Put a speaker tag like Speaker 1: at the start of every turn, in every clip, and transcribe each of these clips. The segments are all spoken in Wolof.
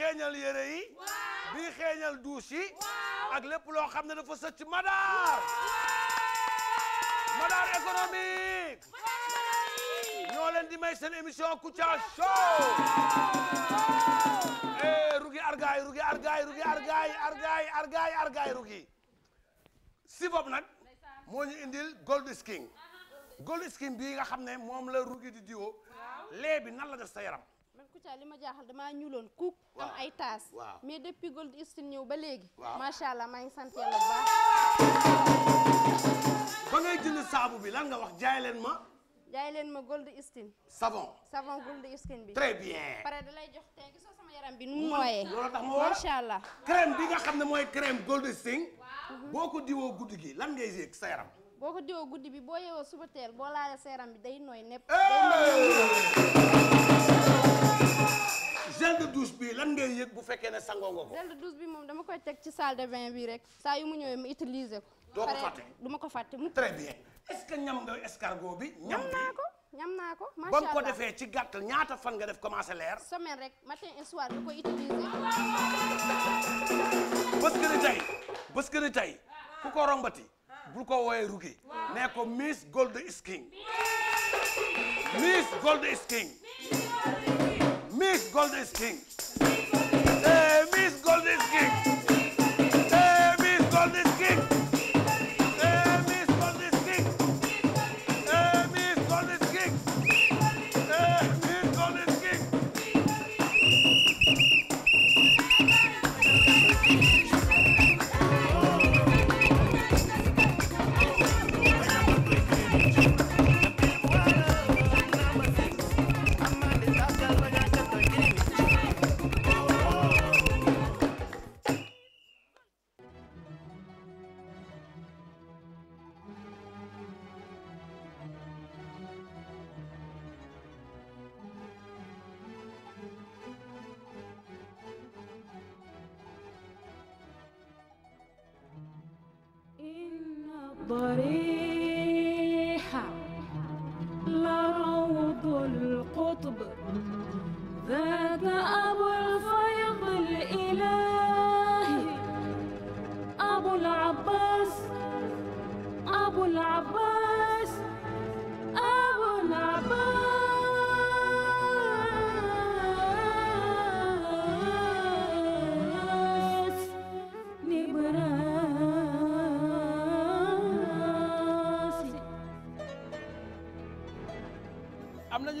Speaker 1: xeeñal yére yi bii xeeñal duus yi ak lépp loo xam ne dafa sëcc madaar madaar économique ñoo leen di may seen émission Kouthia Show eh rugi argaay rugi argaay rugi argaay argaay argaay argaay rugi si bopp nag moo ñu indil Gold Skin Gold Skin bii nga xam ne moom la rugi di diwo lee bi nan la def sa yaram
Speaker 2: hôpital li ma jaaxal damaa ñuuloon kuuk. am ay taas. mais depuis Gold Eastine ñëw ba léegi. waaw macha allah maa ngi sant yàlla bu
Speaker 1: baax. saabu bi lan nga wax jaay leen ma.
Speaker 2: jaay leen ma Gold Eastine. savon savon Gold Eastine bi. très bien. pare lay jox te gisoo sama yaram bi nu mu nooyee. loolu tax ma war macha
Speaker 1: allah. crème bi nga xam ne mooy crème Gold Eastine. boo ko diwoo guddi gi lan ngay yëg sa yaram.
Speaker 2: boo ko diwoo guddi bi boo yeewoo suba teel boo laalee sa yaram bi day nooy nepp.
Speaker 1: gel de douche bi lan ngay yëg bu fekkee ne sangoo nga ko. gel de
Speaker 2: douche bi moom dama koy teg ci salle de bain bi rek saa yu mu ñëwee mu utiliser ko. doo ko fàtte du ma ko fàtte mu. très bien
Speaker 1: est-ce que ñam nga escargot bi. ñam naa ko
Speaker 2: ñam naa ko. macha allah defee
Speaker 1: ci gàttal ñaata fan nga def commencé leer.
Speaker 2: semaine rek matin et soir nga koy utiliser.
Speaker 1: bës que ni tey bës ku ko rombati bul ko woowee Ruki nee ko Miss Gold is King Miss Gold is make Golden King.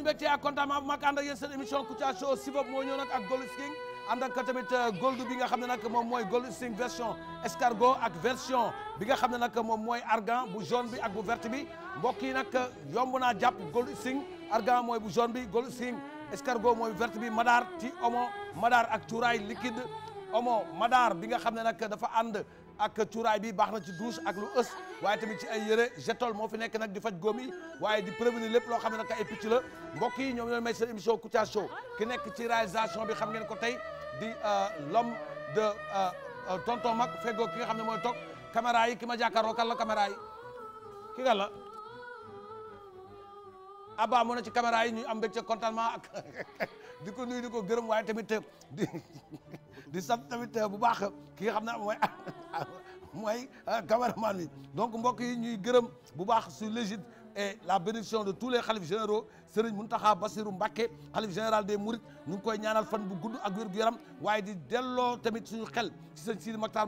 Speaker 1: suñu mbégte ak contentement bu mag ànd ak yéen seen émission Kouthia Show si bopp moo ak Gold tamit euh, gold bi nga xam ne nag moom mooy Gold King version escargot ak version bi nga xam ne nag moom mooy argan bu jaune bi ak bu verte bi mbokk yi nag yomb naa jàpp Gold King argan mooy bu jaune bi Gold King escargot mooy verte bi madaar ti omo madaar ak cuuraay liquide omo madaar bi nga xam ne nag dafa ànd ak cuuraay bi baax na ci douche ak lu ës waaye tamit ci ay yëre jetol moo fi nekk nag di faj góom yi waaye di prévenir lépp loo xam ne nag ay picc la mbokk yi ñoom ñooy may seen émission Kouthia Show ki nekk ci réalisation bi xam ngeen ko tey di euh, l'homme de euh, euh, tonton mag feggoo ki nga xam ne mooy toog caméra yi ki ma jàkkaaroo kan la caméra yi ki nga la Abba mu ne ci caméra yi ñu am mbégte contentement ak di ko nuyu di ko gërëm waaye tamit di di sant tamit euh, bu baax ki nga xam ne mooy mooy euh, cameraman bi donc mbokk yi ñuy gërëm bu baax sur l'égide et la bénédiction de tous les khalifes généraux Serigne Mountakha Bassirou Mbacké xalif général des Mourides ñu ngi koy ñaanal fan bu gudd a wér gu waaye di delloo tamit suñu xel ci sëñ Sidi Makhtar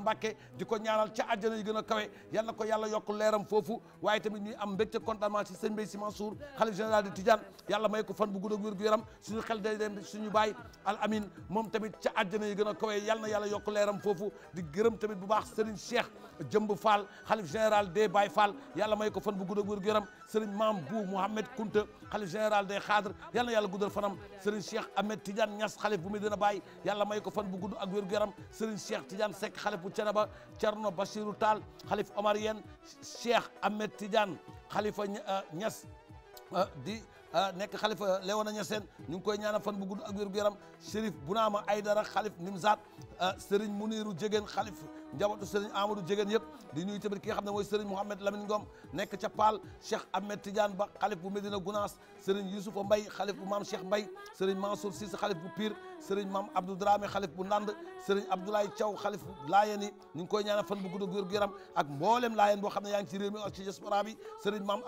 Speaker 1: di ko ñaanal ca àjjana yu gën a kawe yal na ko yàlla yokk leeram foofu waaye tamit ñuy am mbégte contentement ci sëñ Mbaye Sy Mansour xalif général de yàlla may ko fan bu gudd ak wér gu yaram suñu xel day dem suñu baay al amin moom tamit ca àjjana yu gën a kawe yal na yàlla yokk leeram foofu di gërëm tamit bu baax Serigne Cheikh Jëmb Fall xalif général des Baye Fall yàlla may ko fan bu gudd ak wér gu yaram Serigne Mame Bou Mouhamed général des xaadre yal na yàlla guddal fanam Serigne Cheikh Ahmed Tidiane Niass xalif bu Medina Baye yàlla may ko fan bu gudd ak wér-gu-yaram Serigne Cheikh Tidiane Seck xalif bu Thiénaba Thierno Bachirou taal xalif omarien Cheikh Ahmed Tidiane xalifa ñas euh, euh, di euh, nekk xalifa Léona Niassène ñu ngi koy ñaanal fan bu gudd ak wér-gu-yaram Chérif Bounama Aydara xalif Nimzaat Ah, Serigne Muniru Jegéen xalif njabootu Serigne Amadou Jegéen yëpp di nuyu tamit ki nga xam ne mooy Serigne Mouhamed Lamine Ngom nekk ca Paal Cheikh Ahmed Tidiane Ba xalif bu Medina Gounass Serigne Youssoufa Mbaye xalif bu maam Cheikh Mbaye Serigne Mansour Cissé xalif bu Pire Serigne maam Abdou Dramé xalif bu Ndand Serigne Abdoulaye Thiaw xalif bu Laayeen yi ñu ngi koy ñaanal fan bu gudd ak wér-gu-yaram ak mboolem Laayeen boo xam ne yaa ngi ci réew mi ak ci diaspora bi Serigne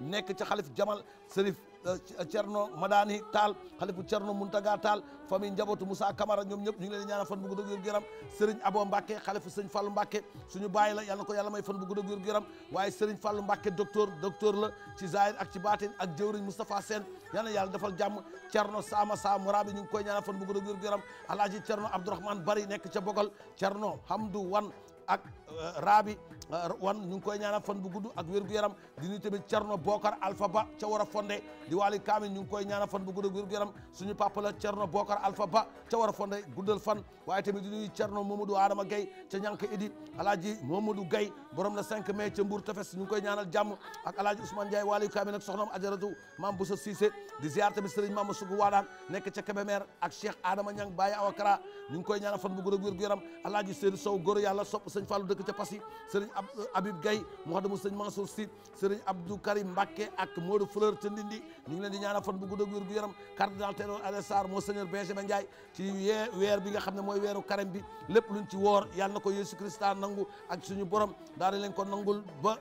Speaker 1: nekk ca xalif Jamal Serif Euh, Cerno euh, Madani Tall xalifu Cerno Muntaga Tall famille njabootu Moussa Camara ñoom ñëpp ñu ngi leen di ñaanal fan bu gudd ak wér-gu-yaram Serigne Abo Mbacke xalifu Serigne Fallou Mbacke suñu bàyyi la yàlla na ko yàlla may fan bu gudd ak wér-gu-yaram waaye Serigne Fallou Mbacke docteur docteur la ci zahir ak ci baatin ak jëwriñ Moustapha Sène yàlla na yàlla defal jàmm Cerno Sama Sa Mourabi ñu ngi koy ñaanal fan bu gudd ak wér-gu-yaram Alaaji Cerno Abdourahmane Bari nekk ca Bogal Cerno Hamdou Wan ak euh, raabi euh, wan ñu ngi koy ñaanal fan bu gudd ak wér-gu-yaram di nuyu tamit Thierno Bokar Alpha Ba ca war a fondé di Waly Kamin ñu ngi koy ñaanal fan bu gudd ak wér-gu-yaram suñu papa la Thierno Bokar Alpha Ba ca war a fondé guddal fan waaye tamit di nuyu Thierno Momadou Adama Gueye ca ñànk idi alaaji Momadou Gueye borom la 5 mai ca Mbour Tefes ñu ngi koy ñaanal jàmm ak alaaji Ousmane Ndiaye Waly Kamin ak soxnaam Ajaratu Mam Boussa Cissé di ziar tamit Serigne Mama Sugu Waadaan nekk ca Kébémer ak Cheikh Adama Niang Baye Awakara ñu ngi koy ñaanal bu gudd ak wér-gu-yaram alaaji Sow góor yàlla sopp sëñ Fallou dëkk ca Passy sëriñ ab Habib Gaye mu wax dama sëñ ca Ndindi ñu ngi leen di ñaanal fan Benjamin Ndiaye ci weer bi nga xam ne mooy weeru carême bi lépp luñ ci woor yàlla na ko Yeesu Christa nangu ak suñu borom daa leen ko nangul ba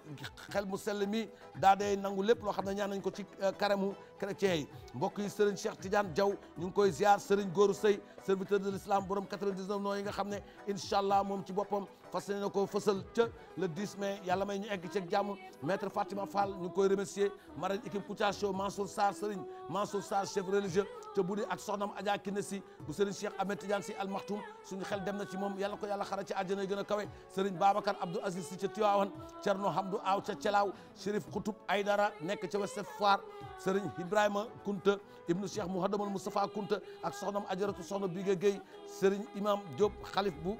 Speaker 1: xel mu sell mi daa day nangu lépp loo xam ne ñaan nañ ko ci carême eh, chrétiens yi mbokk yi Serigne Cheikh Tidiane Diaw ñu ngi koy ziar Serigne Góoru Sëy serviteur de l'islam borom 99 noo yi nga xam ne incha allah moom ci boppam fas yéene na ko fësal ca le 10 mai may ñu egg ceeg jàmm maître Fatima Fall ñu ngi koy remercier marraine équipe Kouthia Show Mansour Sarr Serigne Mansour Sarr chef religieux te bu di ak soxnam Adja Kiné si bu Serigne Cheikh Ahmed Tidiane si Al Maktoum suñu xel dem na ci moom yalla ko yalla xara ci àjjana yu gën a kawe Serigne Babacar Abdou Aziz si ca Ibrahima Kunta ibnu Cheikh Mouhadamal Moustapha Kunta ak soxnam ajaratu soxna Bigué Gueye Serigne Imam Diop xalif bu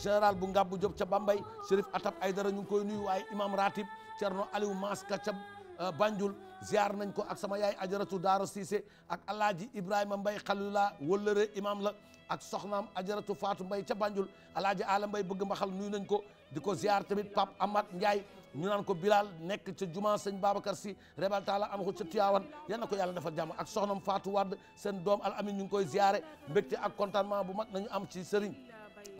Speaker 1: général bu bu Diop ca Bambay Chérif Atab Aydara ñu ngi koy nuyu waaye imam ratib Cerno Aliou Maska ca euh, Banjul ziar nañ ko ak sama yaay ajaratu Daaro Cissé ak alaaji Ibrahima Mbay xalilulaa wëllëre imam la ak soxnaam ajaratu Fatou Mbay ca Banjul alaaji Ala Mbay bëgg mbaxal nuyu nañ ko di ko ziar tamit Pape Amath Ndiaye ñu naan ko Bilal nekk ca juma sëñ Babacar si rebal taala am ko ca Tiwaawan yal na ko yàlla defal jàmm ak soxnam faatu Wade seen doom al amin ñu ngi koy ziare mbégte ak contentement bu mag nañu am ci sëriñ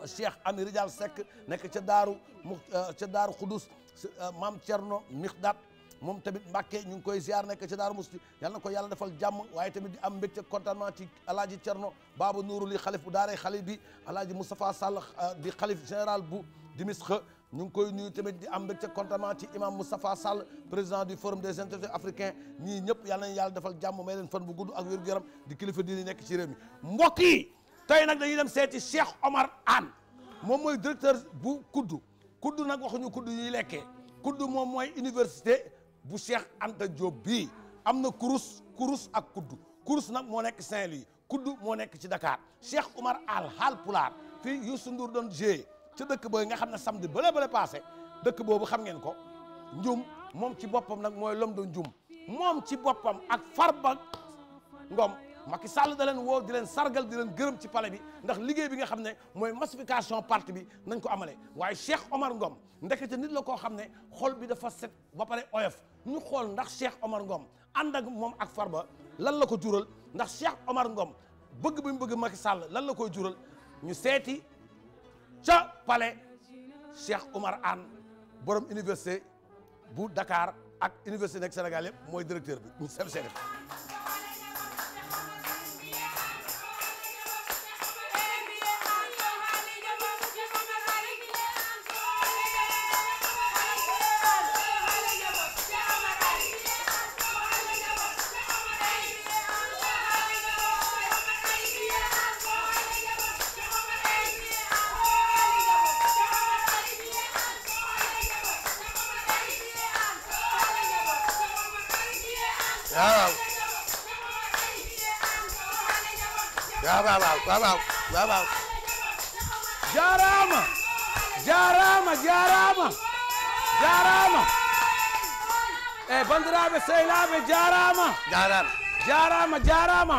Speaker 1: Cheikh Ami Rijal Seck nekk ca daaru mu euh, ca daaru Xudus euh, maam Thierno Mixdat moom tamit Mbàkke ñu ngi koy ziar nekk ca Daaru Musti yal na ko yàlla defal jàmm waaye tamit di am mbégte contentement ci alaaji Cerno Baaba Nuuru li xalif bu daaray xalif bi alaaji Moustapha Sall euh, di xalif général bu Dimisxe ñu ngi koy nuyu tamit di am mbégte contentement ci imam Moustapha Sall président du forum des intellectuels africains ñii ñëpp yal nañu yàlla defal jàmm may leen fan bu gudd ak wér gu di kilifa diini nekk ci réew mi mbokk yi tey nag dañuy dem seeti Cheikh Omar Anne moom mooy directeur bu kuddu kuddu nag waxuñu kuddu yuy lekkee kuddu moom mooy université bu Cheikh Anta Diop bii am na kurus kurus ak kuddu kurus nag moo nekk Saint-Louis kuddu moo nekk ci Dakar Cheikh Omar Anne Haalpulaar fii Youssou doon jé ca dëkk booy nga xam ne samedi bële bële passé dëkk boobu xam ngeen ko njum moom ci boppam nag mooy lom do njum moom ci boppam ak Farba Ngom Macky Sall da leen woo di leen sargal di leen gërëm ci pale bi ndax liggéey bi nga xam ne mooy massification parti bi nañ ko amale waaye Cheikh Omar Ngom ndekete nit la koo xam ne xol bi dafa set ba pare oyof ñu xool ndax Cheikh Omar Ngom ànd ak moom ak Farba lan la ko jural ndax Cheikh Omar Ngom bëgg bi mu bëgg Macky Sall lan la koy jural ñu seeti ca palais Cheikh Oumar Anne borom université bu Dakar ak université nekk Sénégal yëpp mooy directeur bi chef chef waaw waaw jaaraama jaaraama jaaraama jaaraama e eh, bandiraɓe sehlaɓe jaaraama jaaraama jaaraama jaaraama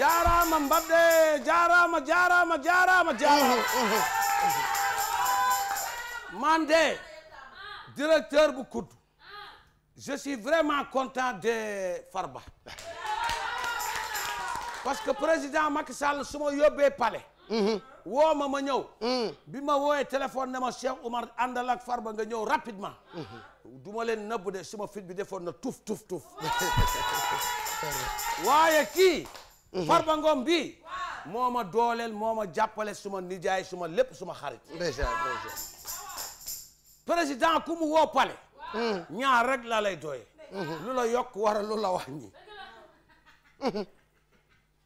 Speaker 1: jaaraama mbaɗɗe jaaraama jaaraama jaaraama jaaraama man de directeur bu kudd je suis vraiment content de Farba parce que président Macky Sall su ma yóbbee mhm. woo ma ma ñëw. Mhm. bi ma wooyee téléphone ne ma Cheikh Oumar àndal far Farba nga ñëw rapidement. Mhm. du ma leen nëbb de suma fit bi defoon na tuf tuf tuf. waaye kii. Farba Ngom bii. moo ma dooleel moo ma jàppale suma nijaay suma lépp suma xarit. président ku mu woo pale. ñaar rek la lay doye. lu la yokk war a lu la wàññi.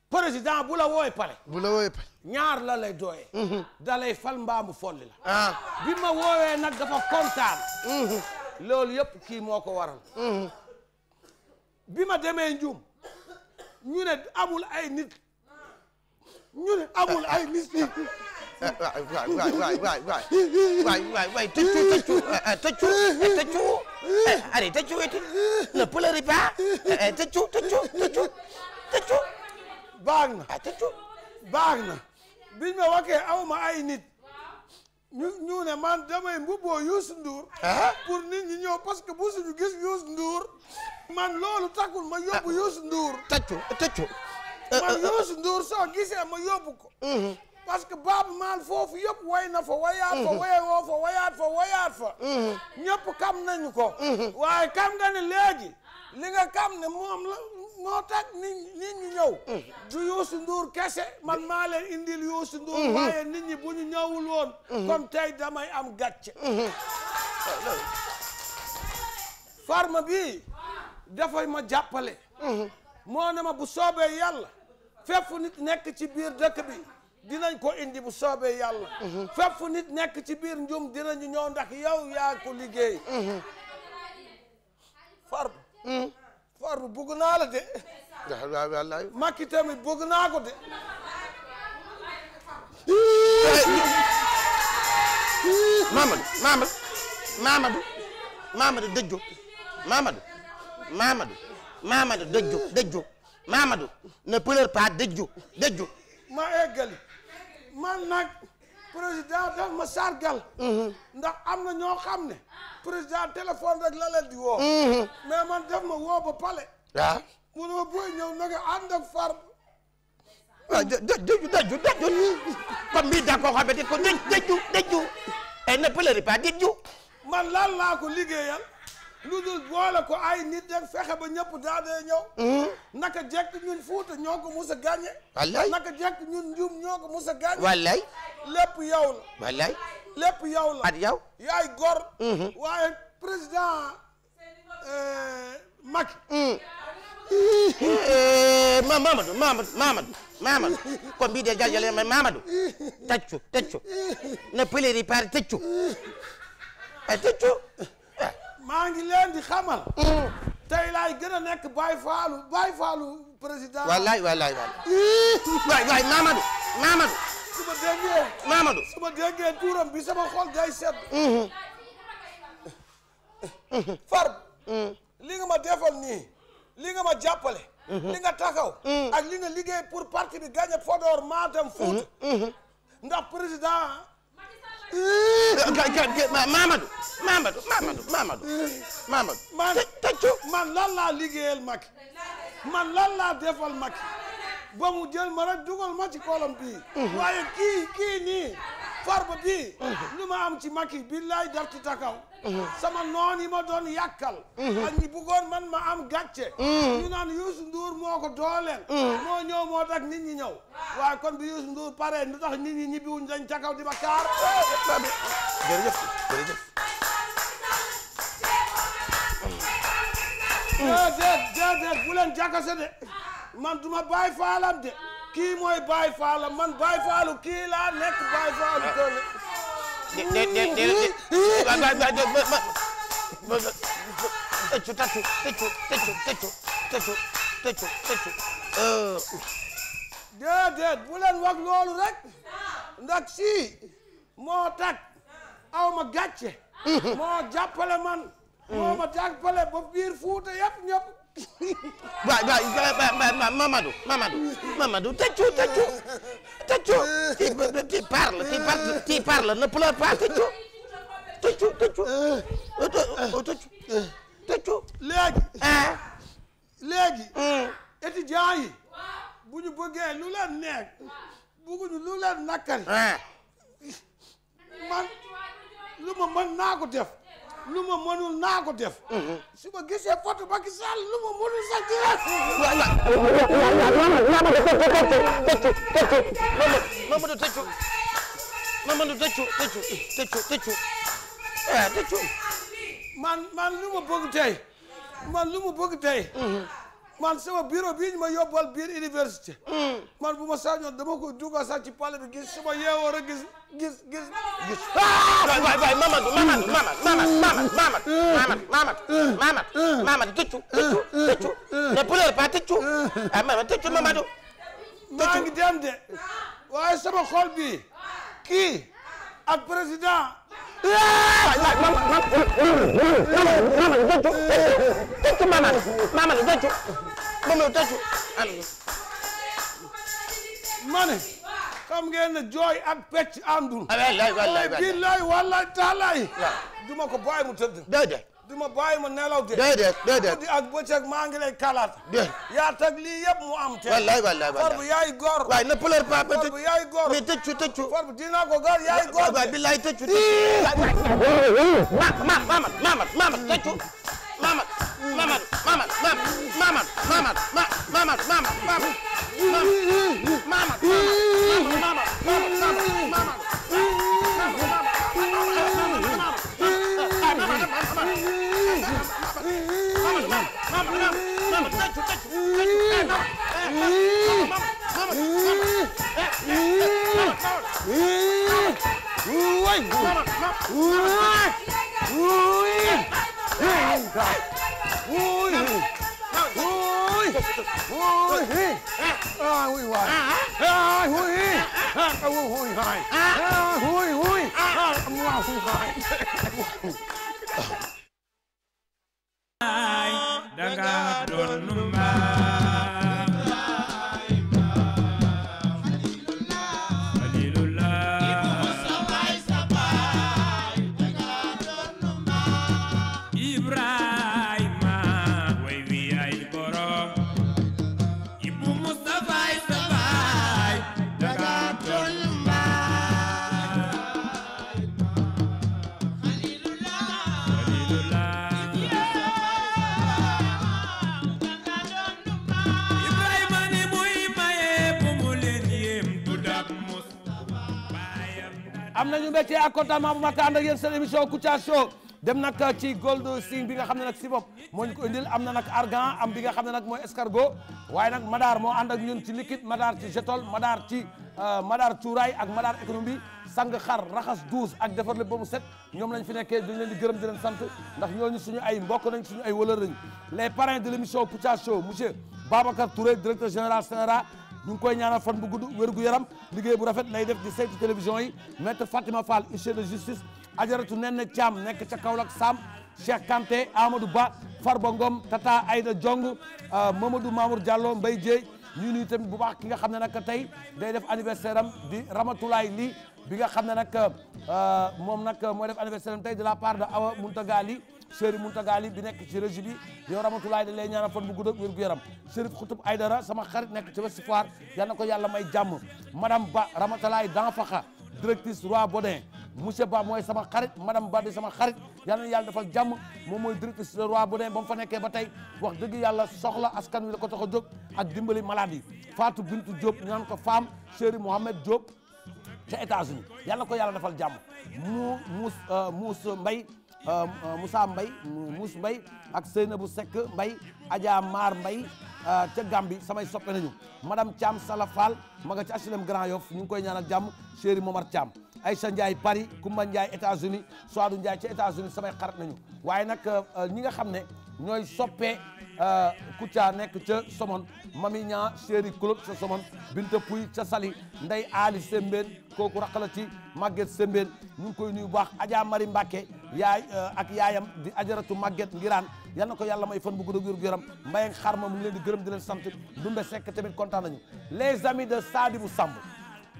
Speaker 1: président bu la wooyee pale. bu la wooyee pale. ñaar la lay dooyee. Mhm. da fal mbaamu folli la. Ah. bi ma woowee nag dafa kontaan. Mhm. loolu yëpp kii moo ko waral. Mhm. bi ma demee Ndioum ñu amul ay nit ñu ne amul ay nit. waay waay waay waay waay waay waay waay tëccu tëccu tëccu tëccu allez tëccu baax na ah, baax na biñ ma awma ay nit ñu ñu ne man damay mbubboo Youssou Ndour ah? pour nit ñi ñëw parce que bu suñu gis Youssou Ndour man loolu takkul ma yóbbu ah. Youssou Ndour taccu taccu eh, man eh, eh. Youssou Ndour soo gisee ma yóbbu ko mm-hmm. parce que Maal foofu yëpp way na fa wayaat fa mm-hmm. wayaat fa wayaat fa mm-hmm. ñëpp kam ko waaye kam nga ne léegi li nga kam ne moom la moo tax nit nit ñi du Youssou Ndour kese man maa leen indil Youssou Ndour mm-hmm. waaye nit ñi bu ñu ñëwul woon mm-hmm. comme tey damay am gàcce mm-hmm. farma bi dafay ma jàppale moo ne ma bu soobee yàlla fépp nit nekk ci biir dëkk bi dinañ ko indi bu soobee yàlla fépp nit nekk ci biir njum dinañu ñëw ndax yow yaa ko liggéey Farou bëgg naa la de. waaw waaw Macky tamit bëgg naa ko de. Mamadou Mamadou Mamadou Mamadou dëjjo Mamadou Mamadou Mamadou dëjjo dëjjo Mamadou ne pleure pas dëjjo dëjjo ma eggali man nag président daf ma sargal mhm. ndax am na ñoo xam ne président téléphone rek la leen di woo. Mhm. mais man def ma woo pale. waaw ah. mu ne ma booy ñëw na nga ànd ak farb. waaw dë dë dëju dëju dëju comme bii daa ko xamante ko dëju dëju. ay na pëlëri pas dëju. man lan laa ko liggéeyal. lu dul boole ko ay nit rek fexe ba ñëpp daa dee hmm? naka jekk ñun fuuta ñoo ko mus a gàññe wallaay naka jekk ñun njum ñoo yow la wallaay lépp yow la at yow yaay gor hmm. waaye président eh, Macky hmm. eh, ma Mamadou Mamadou Mamadou Mamadou ko mbiide jaljale ma taccu taccu ne pëleri par taccu ay eh, taccu maa ngi leen di xamal. Mm. tey laay gën a nekk Baye Fallou Baye Fallou président. wallaay wallaay wallaay. waay Mamadou Mamadou. su ma déggee. Mamadou su ma déggee tuuram bi sama xol day sedd. Mm-hmm. far mm. li nga ma defal nii li nga ma jàppale mm-hmm. li nga taxaw mm. ak li liggéey pour parti bi gagné Podor Matam Fouta mm-hmm. ndax président Mamadou Mamadou Mamadou Mamadou Mamadou. man tëccu man lan laa liggéeyal Macky man lan laa defal Macky ba mu ma rek ma ci kolam bii. waaye kii kii nii. farba bii ñu ma am ci Macky billaay dartu takaw sama noon yi ma doon yàkkal ak ñi bëggoon man ma am gàcce ñu naan Youssou Ndour moo ko dooleel moo ñëw moo tax nit ñi ñëw waaye kon bi Youssou Ndour pare lu tax nit ñi ñibbiwuñ dañ ca kaw di ma kaar jërëjëf jërëjëf déedéet déedéet bu leen jakkase de man duma bàyyi faalam de kii mooy Baye Fall man Baye Fallu kii laa nekk Baye Fallu doole. Euh. déedéet déedéet waaw waaw waaw loolu rek ndax si moo tag aw ma gàcce. moo jàppale man. moo ma jàppale ba biir Fuuta yëpp ñëpp. waay waay Mamadou Mamadou Mamadou tëccu tëccu tëccu tëccu tëccu tëccu tëccu tëccu léegi léegi hmm. étudiants yi bu lu leen neex bëgguñu lu leen nakkari man lu ma mën naa def lu moo mënul naa ko def. su ma gisee foto Macky Sall lu ma mënul sax di la. Mamadou tëccu tëccu tëccu Mamadou tëccu Mamadou tëccu tëccu tëccu tëccu tëccu man man lu ma bëgg tey man lu ma bëgg tey. man sama bureau bii ñu ma yóbbal biir université. Mm. man bu ma sañoon dama ko dugal sax ci palais bi gis suma yeewoo rek gis gis gis gis. waay waay waay Mamadou Mamadou Mamadou Mamadou Mamadou Mamadou Mamadou Mamadou tëccu tëccu tëccu ne pleure pas tëccu ah Mamadou tëccu Mamadou. tëccu maa ngi dem de waaye sama xol bi kii. ak président. maama maama joccu ma ne xam ngeen ne jooy ak pecc àndul. wallaay wallaay wallaay billaay wallaay taalaay. duma ko bàyyi mu tëdd. du ma bàyyi ma nelaw de. déedéet déedéet guddi ak bëccëg maa ngi lay kalaat. déedéet yaa tag lii yëpp mu am. te wallaay wallaay wallaay Farba yaay góor. waay ne pleure pas ba tëj Farba yaay góor mais tëccu tëccu. Farba dinaa ko góor yaay góor. waaw billaay tëccu tëccu. ma ma Mamad Mamad Mamad tëccu. Mamad Mamad Mamad Mamad Mamad Mamad Mamad Mamad Mamad Mamad Mamad Mamad Mamad Mamad Ah! danga doon mbaay mbégte ak contentement bu mag ànd ak yéen seen émission Kouthia Show dem nag ci gold sing bi nga xam ne nag si bopp moo ñu ko indil am na nag argan am bi nga xam ne nag mooy escargot waaye nag madaar moo ànd ak ñun ci liquide madaar ci jetol madaar ci euh, madaar cuuraay ak madaar économie sang xar raxas douze ak defar lépp ba set ñoom nañ fi nekkee dañ leen di gërëm di leen sant ndax ñooñu suñu ay mbokk nañ suñu ay wëlër lañ les parrains de l' émission Kouthia Show monsieur Babacar Touré directeur général ñu koy ñaanal fan bu gudd wér yaram liggéey bu rafet nay def di saytu télévision yi maître Fatima Fall huissier de justice ajaratu nen ne Thiam nekk ca Kaolack Sam Cheikh Kanté Amadou Ba Farba Ngom Tata ayda jong euh, Mamadou Mamour Diallo mbay Dieye ñu nuyu tamit bu baax ki nga xam ne nag tey day def anniversaire am di Ramatoulaye Ly bi nga xam ne nag euh, moom nag mooy def anniversaire am tey de la part de Awa Mountaga Ly Serigne Mountaga Ly bi nekk ci régie bi yow Ramatoulaye da lay ñaanal fan bu gudd ak wér gu yaram Serigne Aydara sama xarit nekk ci Ouest Foire yal na ko yàlla may jàmm madame Ba Ramatoulaye Danfakha directrice Roi Baudin monsieur Ba mooy sama xarit madame Ba di sama xarit yal na yàlla defal jàmm moom mooy directrice le Roi Baudin fa nekkee ba tey wax dëgg yàlla soxla askan wi la ko tax a jóg ak dimbali maladie Fatou bintu Diop ñu naan ko femme Chéri Mohamed Diop ca États-Unis yal ko yàlla defal jàmm mu Euh, euh, Moussa mbay Mouss mbay ak Seynabou sekk mbay Adja Mar Mbaye euh, ca Gambie samay soppe nañu madame Thiam Sala Fall ma nga ca HLM Grand Yoff ñu ngi koy ñaanal jàmm chéri Momar Thiam Aïcha Ndiaye Paris Koumba Ndiaye États-Unis Soadou Ndiaye ca États-Unis samay xarit nañu waaye nag ñi nga xam ne ñooy soppe euh, Kouthia nekk ca Somone Mami Ñaa Chéri Club ca Somone Binta Puy ca sali nday Ali Sembène kooku raqala ci Maguette Sembène ñu ngi koy nuyu baax Adja Mari Mbàkke yaay euh, ak yaayam di ajaratu Maguette Ngiraan yal ko yàlla may fan bu gudd wér gu yaram Mbaye Xarma mu ngi leen di gërëm di leen sant Ndumbe Seck tamit kontaan nañu les amis de Sadibou Samb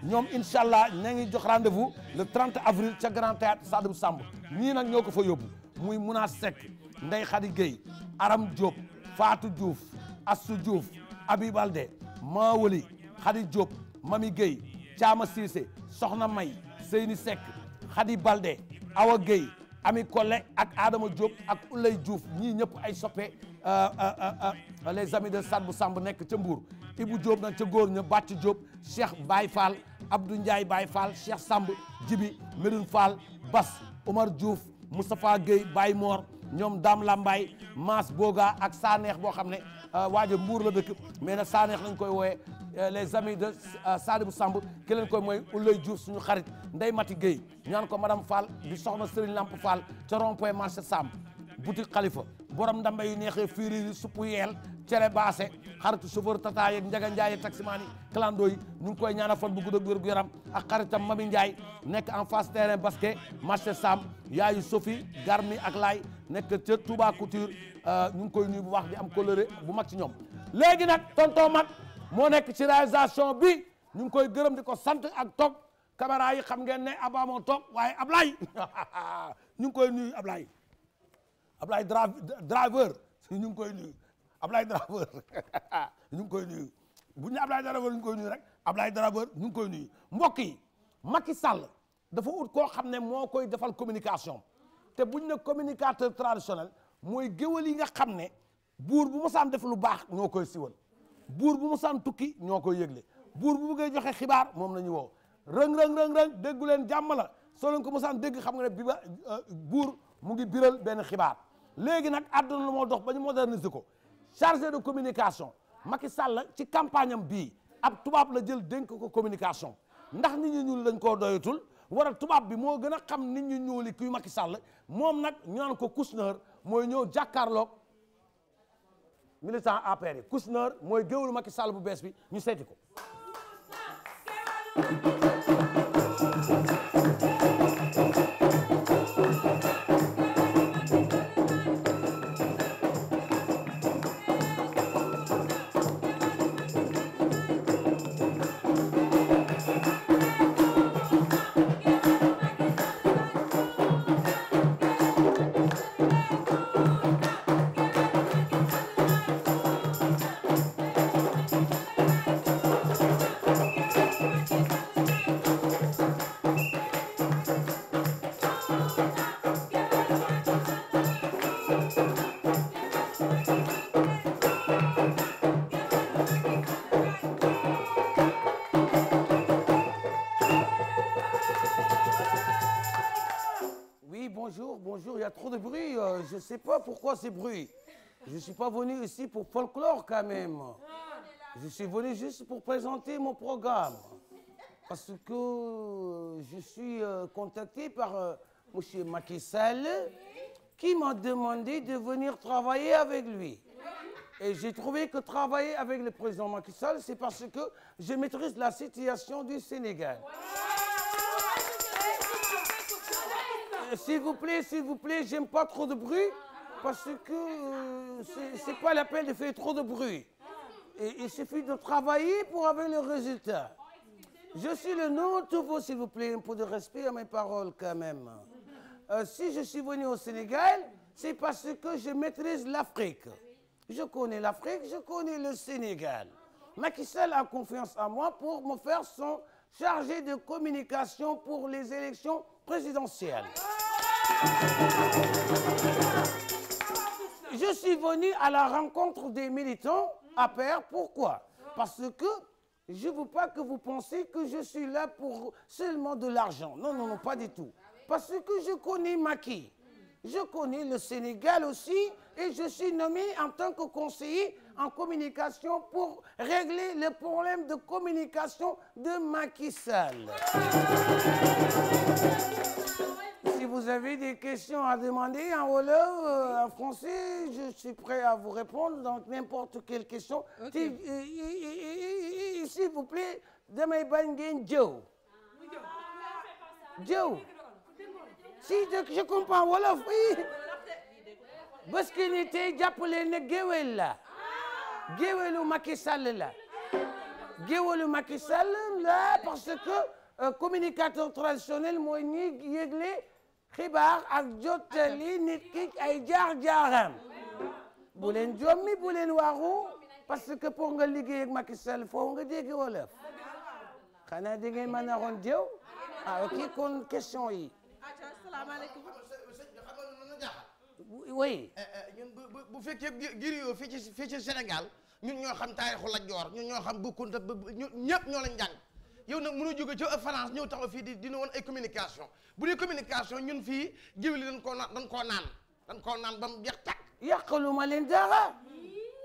Speaker 1: ñoom incha allah ña ngi jox rendez-vous le 30 avril ca Grand Théâtre mu Samb ñii nag ñoo ko fa yóbbu muy Muna Seck Ndey Khady Gueye Aram Diop Fatou Diouf Assou Diouf Abibalde Mawali Khady Diop Mami Gueye Thiama Cissé Soxna May Seyni sek Khady Balde Awa Gueye Ami Collé ak Adama Diop ak Ulay Diouf ñii ñëpp ay soppe euh, euh, euh, les amis de Sadbu Samb nekk ca Mbour Ibou Diop nag ca góor ña Bàcc Diop Cheikh Baye Fall Abdou Ndiaye Baye Fall Cheikh Samb Jibi Medoune Fall Bas Omar Diouf Moustapha Gueye bay Mor ñoom Dame Lambaye Mass Boga ak Saneex boo xam ne euh, waaja Mbuur la dëkk mais nag Saneex lañ koy wooyee euh, les amis de euh, Sadibou Samb ki leen koy mooy Ulay Diouf suñu xarit Ndey Mati Gueye ñaan ko madame Fall di soxna Serigne Lamp Fall ca rond-point marché Samb boutique xalifa borom ndamba yi neexee fiiri suppu yeel cere baase xaritu chauffeur tata yeeg njaga njaaye taximaan yi clando yi ñu ngi koy ñaana fan bu gudd ak wér gu yaram ak xaritam mami Ndiaye nekk en face terrain basket marché Sam yaayu Sophie Garmi ak Laay nekk ca Touba Couture euh, ngi koy nuy bu baax di am coloré bu mag ci ñoom léegi nag tonton Mat moo nekk ci réalisation bi ñu ngi koy gërëm di ko sant ak tog caméra yi xam ngeen ne Aba moo toog waaye Ablaye ñu ngi koy nuyu Ablaye Ablaye Dra Draveur ñu ngi koy nuyu Ablaye Draveur ñu ngi koy nuyu bu ñu Ablaye Draveur ñu ngi koy nuyu rek Ablaye Draveur ñu ngi koy nuyu mbokk yi Macky Sall dafa ut koo xam ne moo koy defal communication te buñ ne communicateur traditionnel mooy géwal yi nga xam ne buur bu mosaan def lu baax ñoo koy siwal buur bu mu mosaan tukki ñoo koy yëgle buur bu bëggee joxe xibaar moom la ñu woo rëng rëng rëng rëng déggu leen jàmm la soo leen ko dégg xam nga ne bi ba euh, buur mu ngi biral benn xibaar léegi nag àdduna lu moo dox ba ñu moderniser ko chargé de communication Macky salla ci campagne am bii ab tubaab la jël dénk ko communication ndax nit ñu ñuul dañ koo doyatul war tubaab bi moo gën a xam nit ñu ñuuli kuy Macky Sall moom nag ñu naan ko Kouchner mooy ñëw jàkkaarloog militant APR yi Kouchner mooy géwlu Macky Sall bu bees bi ñu seeti ko je sais pas pourquoi ces bruits. Je suis pas venu ici pour folklore quand même. Je suis venu juste pour présenter mon programme. Parce que je suis euh, contacté par euh, monsieur Macky Sall qui m'a demandé de venir travailler avec lui. Et j'ai trouvé que travailler avec le président Macky Sall, c'est parce que je maîtrise la situation du Sénégal. Ouais Euh, s'il vous plaît, j'aime pas trop de bruit parce que euh, c'est pas la de faire trop de bruit. il suffit de travailler pour avoir le résultat. Je suis le nom, s'il vous plaît, un respect à mes paroles quand même. Euh, si je suis venu au Sénégal, c'est parce que je maîtrise l'Afrique. Je connais l'Afrique, pour me faire son chargé de communication pour les élections présidentielle. Je suis venu à la rencontre des militants à pair. Pourquoi? Parce que je veux pas que vous pensiez que je suis là pour seulement de l'argent. Non, non, non, pas du tout. Parce que je connais Macky. Je connais le Sénégal aussi et je suis nommé en tant que conseiller en communication pour régler le problème de communication de Macky Si vous avez des questions à demander en wolof, euh, en français, je suis prêt à vous répondre, donc n'importe quelle question. Okay. Si je comprends wolof, oui. bés ki géwél la géwélu Macky Sall la géwélu Macky Sall la parce que euh, communicateur traditionnel mooy ñi yëgle xibaar ak jottali nit ki ay jaar-jaaram bu leen jommi bu leen waaxu parce que pour nga liggéey ak Macky Sall foofu nga dégg wolof xanaa a ron jëw ah, kon question yi. oui. Eh, eh, ñun bu bu bu fekkee ngir yoo fii ci Sénégal ñun ñoo xam taarixu Lat Joor ñun ñoo xam Bokkunta ba ñun ñëpp ñoo lañ jàng yow nag mënoo jóge ca France ñëw taxaw fii di dina woon ay communication bu ne communication ñun fii jiw li dañ koo naan dañ koo naan dañ koo naan ba mu jeex tàkk. yàqalu ma leen dara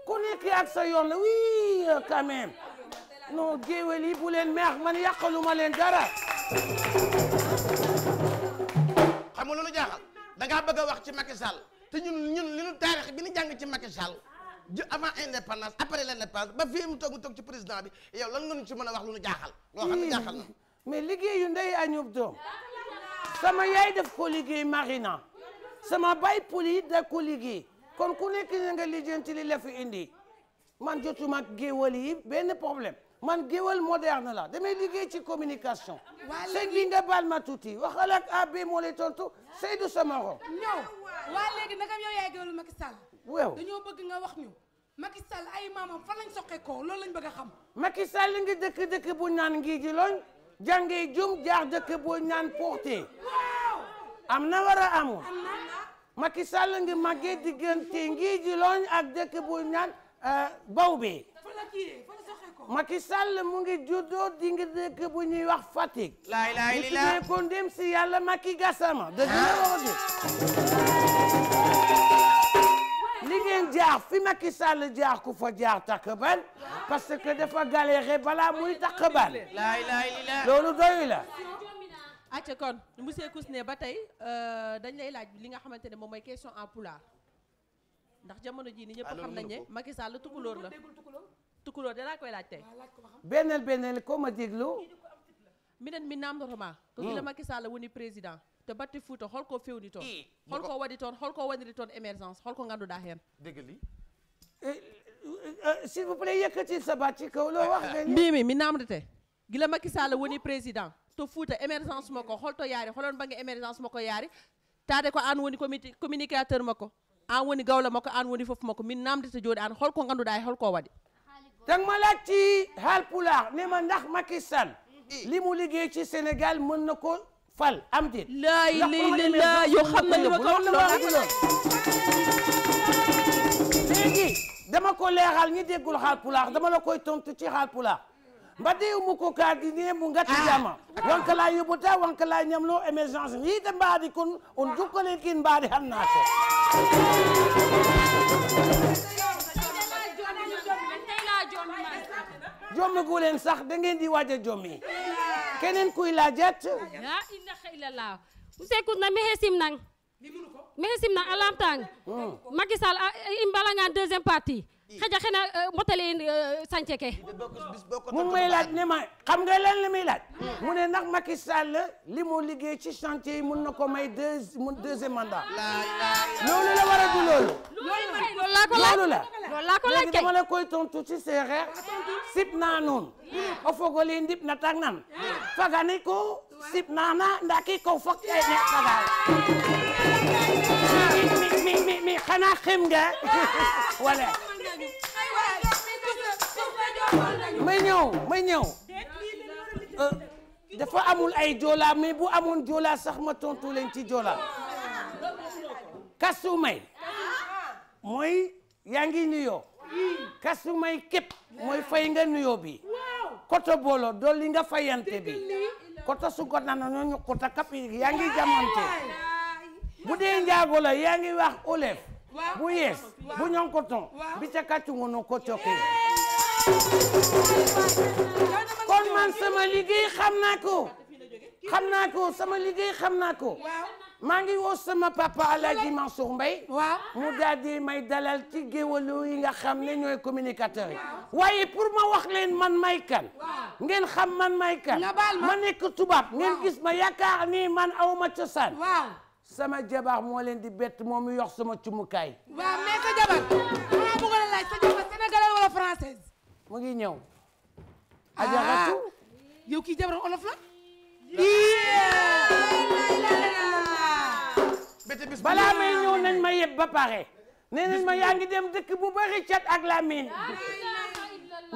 Speaker 1: ku nekk ak sa yoon la oui quand même non leen meex man yàqalu ma leen dara. xam nga loolu jaaxal. da ngaa wax ci Macky Sall te ñun ñun taarix bi ñu jàng ci Macky Sall ju avant indépendance après l'indépendance ba fii mu toog mu toog ci président bi yow lan nga ñu ci mën a wax lu ñu jaaxal. loo xam ne jaaxal hmm. mais liggéeyu ndey añub doom sama yaay def ko liggéey marina sama bay poli da ko liggéey kon ku nekk na nga lijjanti li la fi indi man jotuma ak géwal yi benn problème. man géwal moderne la damay liggéey ci communication. waa léegi sëñ bi nga baal ma tuuti waxal ak AB moo lay tontu Seydou Samaro. ñëw
Speaker 2: waa léegi nagam yow yaay géwalu Macky Sall. dañoo bëgg nga wax ñu. Macky Sall ay maamam fan lañ soqee ko loolu lañ bëgg a xam.
Speaker 1: Macky Sall ngi dëkk dëkk bu naan ngi ji loñ jàngee jum jaar dëkk bu naan porté. am na war a amoon. am Sall ngi màggee diggante ngi ji loñ ak dëkk bu naan euh, baw bi. Macky Sall mu ngi juddoo di ngi dëkk bu ñuy wax Fatick. laay laay li la ñu si yàlla Macky Gassama. dëgg la ah. wax de. li ngeen jaar fi Macky Sall ku fa jaar takk bal parce que dafa galéré balaa muy takk bal. loolu doy la.
Speaker 3: acca kon monsieur Kousne ba tey euh, dañ lay laaj li nga xamante ne moom mooy question en pulaar ndax jamono jii ni ñëpp ah, xam nañ ne Sall tukulóor la. tukulóor danaa koy laaj tey.
Speaker 1: beneen beneen ko ma déglu.
Speaker 3: minen mi namdotoma ko gila hmm. makky sall woni président to batte fouta holko fewni toon holko hmm. waɗi toon ko waɗiri toon émergence holko ngannduɗa heen
Speaker 1: degli eh, eh, eh, s'il vous plaît yekkati sabati kawlo waxde
Speaker 3: mbimi mi namdete gila makky sall woni président to fouta émergence makko holto yaari holon bange émergence makko yaari tade ko an woni communicateur makko an woni gawla makko an woni fof makko min namdete
Speaker 1: jooɗi an holko ngannduɗa e holko danga ma laaj ci Haalpulaar ne ma ndax Macky Sall mm-hmm. li mu liggéey ci Sénégal mën na ko fal am déet. laay lii la yoo xam ne li ma ko wax loolu dama ko leeral ñi déggul Haalpulaar dama la koy tontu ci Haalpulaar mbadde umu ko kaadi ne mu ngati ah. jama wonka la yuɓota wonka la ñamlo émergence yiide mbaadi kon on jukkalenkin jommi gu leen sax da ngeen di waaj a jommi keneen kuy laajat la
Speaker 2: ilaha illallah useku na mexe sim nang mexe sim nang alam tang hmm. Macky a ah, i mbalangaan deuxième partie xëj a xanaa euh, motaleen euh, sànce ke
Speaker 1: mu may laaj ne ma xam nga lan la muy laaj mu ne ndax Macky Sall li mu liggéey ci chantier yi mun na ko may deux deuxième mandat loolu la war a du loolu loolu la ko laaj loolu la léegi la koy tontu ci séeréer o fogole ndip na tang nan fagani ko sip naa na ndaki ko fog e ne fagal mi mi mi xanaa xem nga wala may ñëw may ñëw euh, dafa amul ay joola mais bu amoon joola sax ma tontu leen ci joola kasu may mooy yaa ngi nuyoo kasu may képp mooy fay nga nuyoo bi koto boolo dolli nga fayante bi koto su ko nana ñooñu kota kap yaa ngi jamante bu dee njaago la yaa ngi wax olef bu yees bu ñonkoton bi ca kàccu ngono ko cokke kon man sama liggéey xam naa ko xam naa ko sama liggéey xam naa ko maa ngi woo sama papa Alaaji Mansour Mbaye waaw mu daal di may dalal ci géwalu yi nga xam ne ñooy communicateur yi waaye pour ma wax leen man may kan ngeen xam man may kan ma nekk tubaab ngeen gis ma yaakaar ni man aw ma cosaan sama jabar moo leen di bett moom yor sama cumukaay mu ngi ñëw. ajaratu ah. yow kii jabaram olof la. balaa may ñëw nañ ma yeb ba pare. nee nañ ma yaa ngi dem dëkk bu bari cat ak làmmiñ.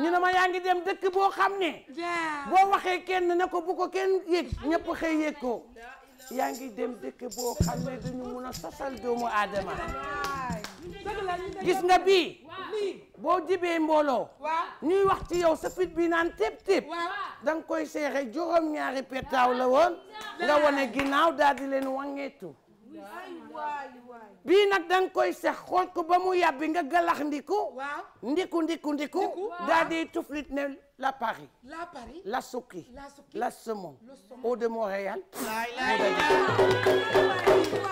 Speaker 1: ñu ne ma yaa ngi dem dëkk boo xam ne. boo waxee kenn ne ko bu ko kenn yëg ñëpp xëy yëg ko. yaa ngi dem dëkk boo xam ne duñu mun a sosal doomu aadama.
Speaker 2: gis nga bii
Speaker 1: boo jibee mbooloo ñuy wax ci yow sa fit bi naan tép tép danga koy seexe juróom-ñaari petaaw la woon nga wane ginnaaw daal di leen wangeetu bii nag da koy sex xooj ko ba mu yàbbi nga galax ndiku ndiku ndiku ndiku daal tuflit ne la Paris. la Paris. la Soki. la Soki la Semon. Eau de Montréal.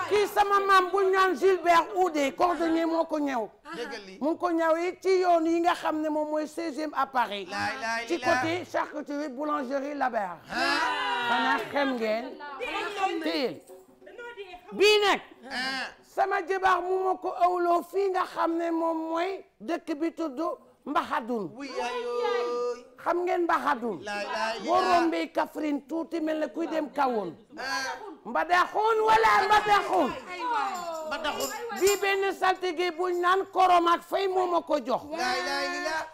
Speaker 1: kii sama maam bu ñaan Gilbert Oudé cordonnier moo ko ñëw. mu ngi ko ñëwee ci yoon yi nga xam ne moom mooy 16e à Paris. ci côté charcuterie boulangerie Laber. Ah. xanaa xem ngeen. teel bii nag. Ah. sama jabar mu ma ko ëwloo fii nga xam ne moom mooy dëkk bi tudd. mbaxadun xam ngeen mbaxadun boo rombee Kaffrine tuuti mel na kuy dem kawoon ah. mbadaxun wala mbadaxun bii oh. benn saltige buñ naan korom ak fay moom a ko jox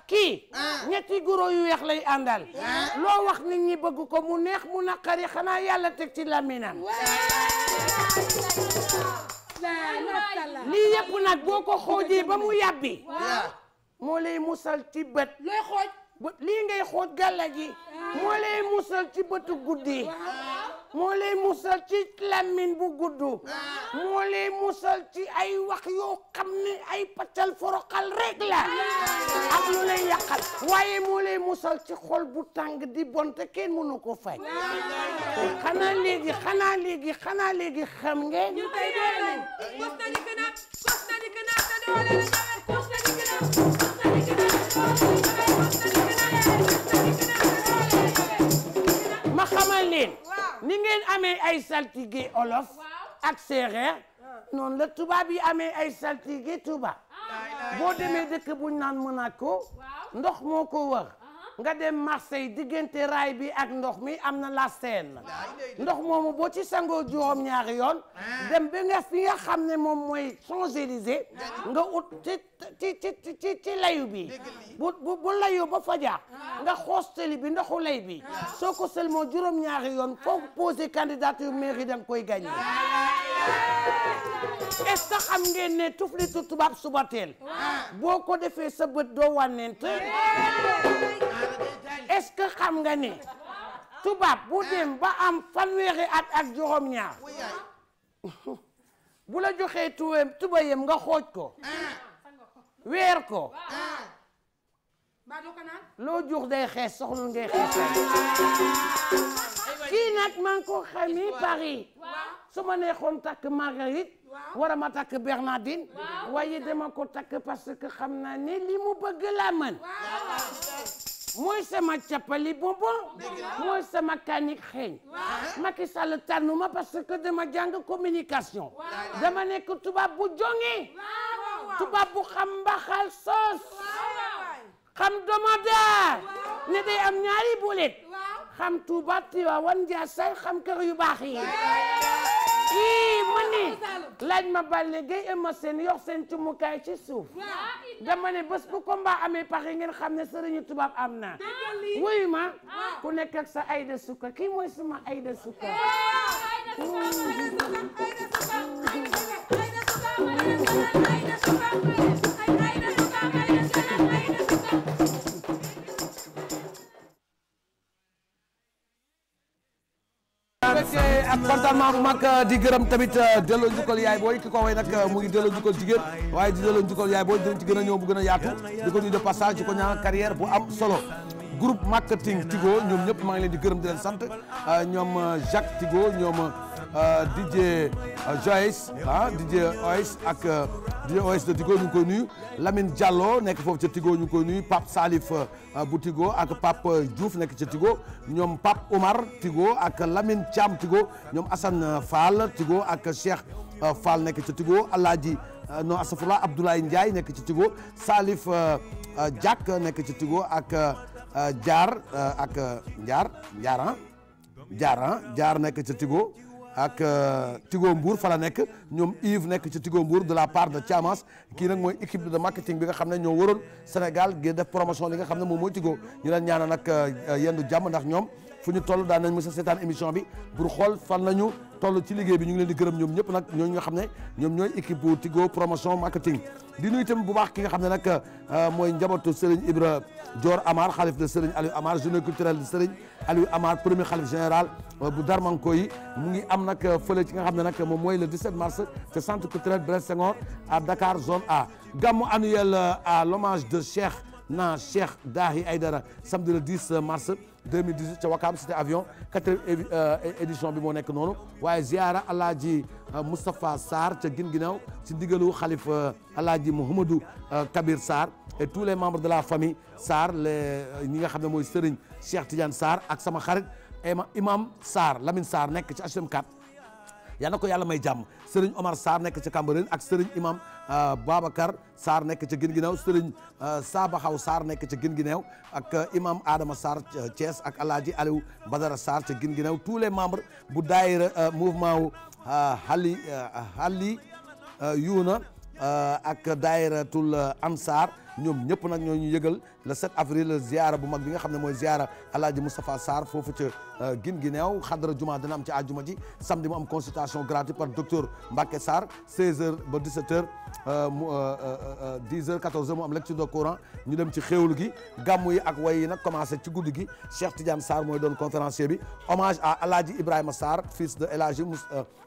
Speaker 1: kii ah. ñetti guro yu weex lay àndal ah. loo wax nit ñi bëgg ko mu neex mu naqari xanaa yàlla teg ci laminam
Speaker 2: lii yëpp nag
Speaker 1: boo ko xoojee ba mu yàbbi moo musal ci bët. lii ngay xooj gàlla gi musal ci bët guddi. moo musal ci lamin bu gudd. moo musal ci ay wax yoo xam ne ay pàccal foroxal rek ak lu lay waaye moo musal ci xol bu tàng di bon te kenn mënu ko faj. xanaa léegi xanaa léegi xanaa léegi xam ngeen. ñu ma xamal leen ni ngeen amee ay saltige olof ak séeréer noonu la tubaab yi amee ay saltige tubaab ah. boo demee dëkk buñ naan ko ndox moo ko wër nga dem Marseille diggante raay bi ak ndox mi am na la Seine ndox moomu boo ci sangoo juróom ñaari yoon ah. dem bi nga fi nga xam ne moom mooy Champs-Élysées nga ut ci ci layu bi bu layu ba faja ah. nga xoostali bi ndoxu lay bi ah. soo ko seulement juróom ñaari yoon foo posé candidature mairie da koy gagné est-ce que xam ngeen ne tuflitu tubaab suba teel boo ko defee sa bët doo wànnent est-ce que xam nga ni tubaab bu dem ba am fanweeri at ak juróom-ñaar bu la joxee tuweem tubayem nga xooj ko weer ko loo jur day xees soxlul ngay xees kii nag maa ko xami Paris su ma neexoon takk Marguerite war a ma takk Bernardine waaye dama ko takk parce que xam naa ne li mu bëgg laa mën mooy sama cappali bonbon mooy sama kanik xeeñ Macky Sall tànnu ma parce que dama jàng communication dama nekk tubaab bu jonge tubaab bu xam mbaxal soos xam domoda ne day am ñaari bulit xam Tuuba Tiwaawan Njaasaan xam kër yu baax ii ma ni laaj ma Balla Gaye Eumeu Sène yox seen cumukaay ci suuf dama ne bés bu combat amee paxe ngeen xam ne sëriñu tubaab am naa wuyu ma ku nekk sa Aïda Souka kii mooy suma Aïda Souka maa bu mag uh, di gërëm tamit uh, delloo njukkal yaay booy ki ko way nag uh, mu delloo njukkal jigéen waaye di delloo njukkal yaay booy dinañ ci a ñëw bu gën a yaatu di ko nuyu de passage di ko ñaan carrière bu am solo groupe marketing Tigo ñoom ñëpp maa ngi leen di gërëm di leen sant ñoom Jacques Tigo ñoom Euh, DJ euh, Joyce ah DJ Joyce ak euh, DJ Joyce de Tigo ñu ngi koy nuyu Lamine Diallo nekk foofu ca Tigo ñu ngi koy nuyu Pape Salif bu Tigo ak Pape Diouf nekk ca Tigo ñoom Pape Omar Tigo ak Lamine Thiam Tigo ñoom Assane Fall Tigo ak Cheikh Fall nekk ca Tigo Alaaji non asafurlah Abdoulaye Ndiaye nekk ci Tigo Salif nekk ci Tigo ak Diar ak Diar nekk ca Tigo ak euh, Tigo mbuur fa la nekk ñoom Yves nekk ci Tigo Mbour de la part de Thiamas kii nag mooy équipe de marketing bi nga xam ne ñoo waroon Sénégal ge def promotion li nga xam ne moom mooy Tigo ñu leen ñaanal nag euh, yendu jàmm ndax ñoom fu ñu toll daan nañ mos a seetaan émission bi pour xool fan la ñu toll ci liggéey bi ñu ngi leen di gërëm ñoom ñëpp nag ñooñu nga xam ne ñoom ñooy équipe bu Tigo promotion marketing di nuyu tamit bu baax ki nga xam ne nag euh, mooy njabootu Serigne Ibra Dior Amar xalif de Serigne Aliou Amar journée culturelle de Serigne Aliou Amar premier xalif général euh, bu Darmanko yi mu ngi am nag euh, fële ci nga xam ne nag moom mooy le 17 mars ca centre culturel Blaise Senghor à Dakar zone A gàmmu annuel à l'hommage de Cheikh na Cheikh Dahi Aydara samedi le 10 mars 2018 ca Wakaam cité avion quatrième euh, édition bi moo nekk noonu waaye ziara alaaji euh, Moustapha Sarr ca gin ginaaw ci ndigalu xalif euh, alaaji Mouhamadou Kabir Sarr et tous les membres de la famille Sarr les ñi nga xam ne mooy Serigne Cheikh Tidiane Sarr ak sama xarit imam Sarr Lamine saar nekk ci HM4 yal na ko yàlla may jàmm Serigne Omar Sarr nekk ca Cambérène ak Serigne Imam euh, Babacar Sarr nekk ca Guinguinéo Serigne euh, Sabaxaw saar nekk ca Guinguinéo ak euh, Imam Adama Sarr Thiès ak Alaaji Aliou Badara Sarr ca Guinguinéo tous les membres bu daayira mouvement wu Hali Hali Euh, ak daayiratul Ansar ñoom ñëpp nag ñoo ñu yëgal le 7 avril ziara bu mag bi nga xam ne mooy ziara alaaji Moustapha Sarr foofu ca euh, gin gineew xadra juma dina am a àjjuma ji samedi mu am consultation gratuite par docteur Mbacke Sarr 16h ba 17h euh, mu 10h 14h mu am lecture de Coran ñu dem ci xéwlu gi gàmmu yi ak way yi nag commencé ci guddi gi Cheikh Tidiane Sarr mooy doon conférencier bi hommage à alaaji Ibrahima Sarr fils de El Hadji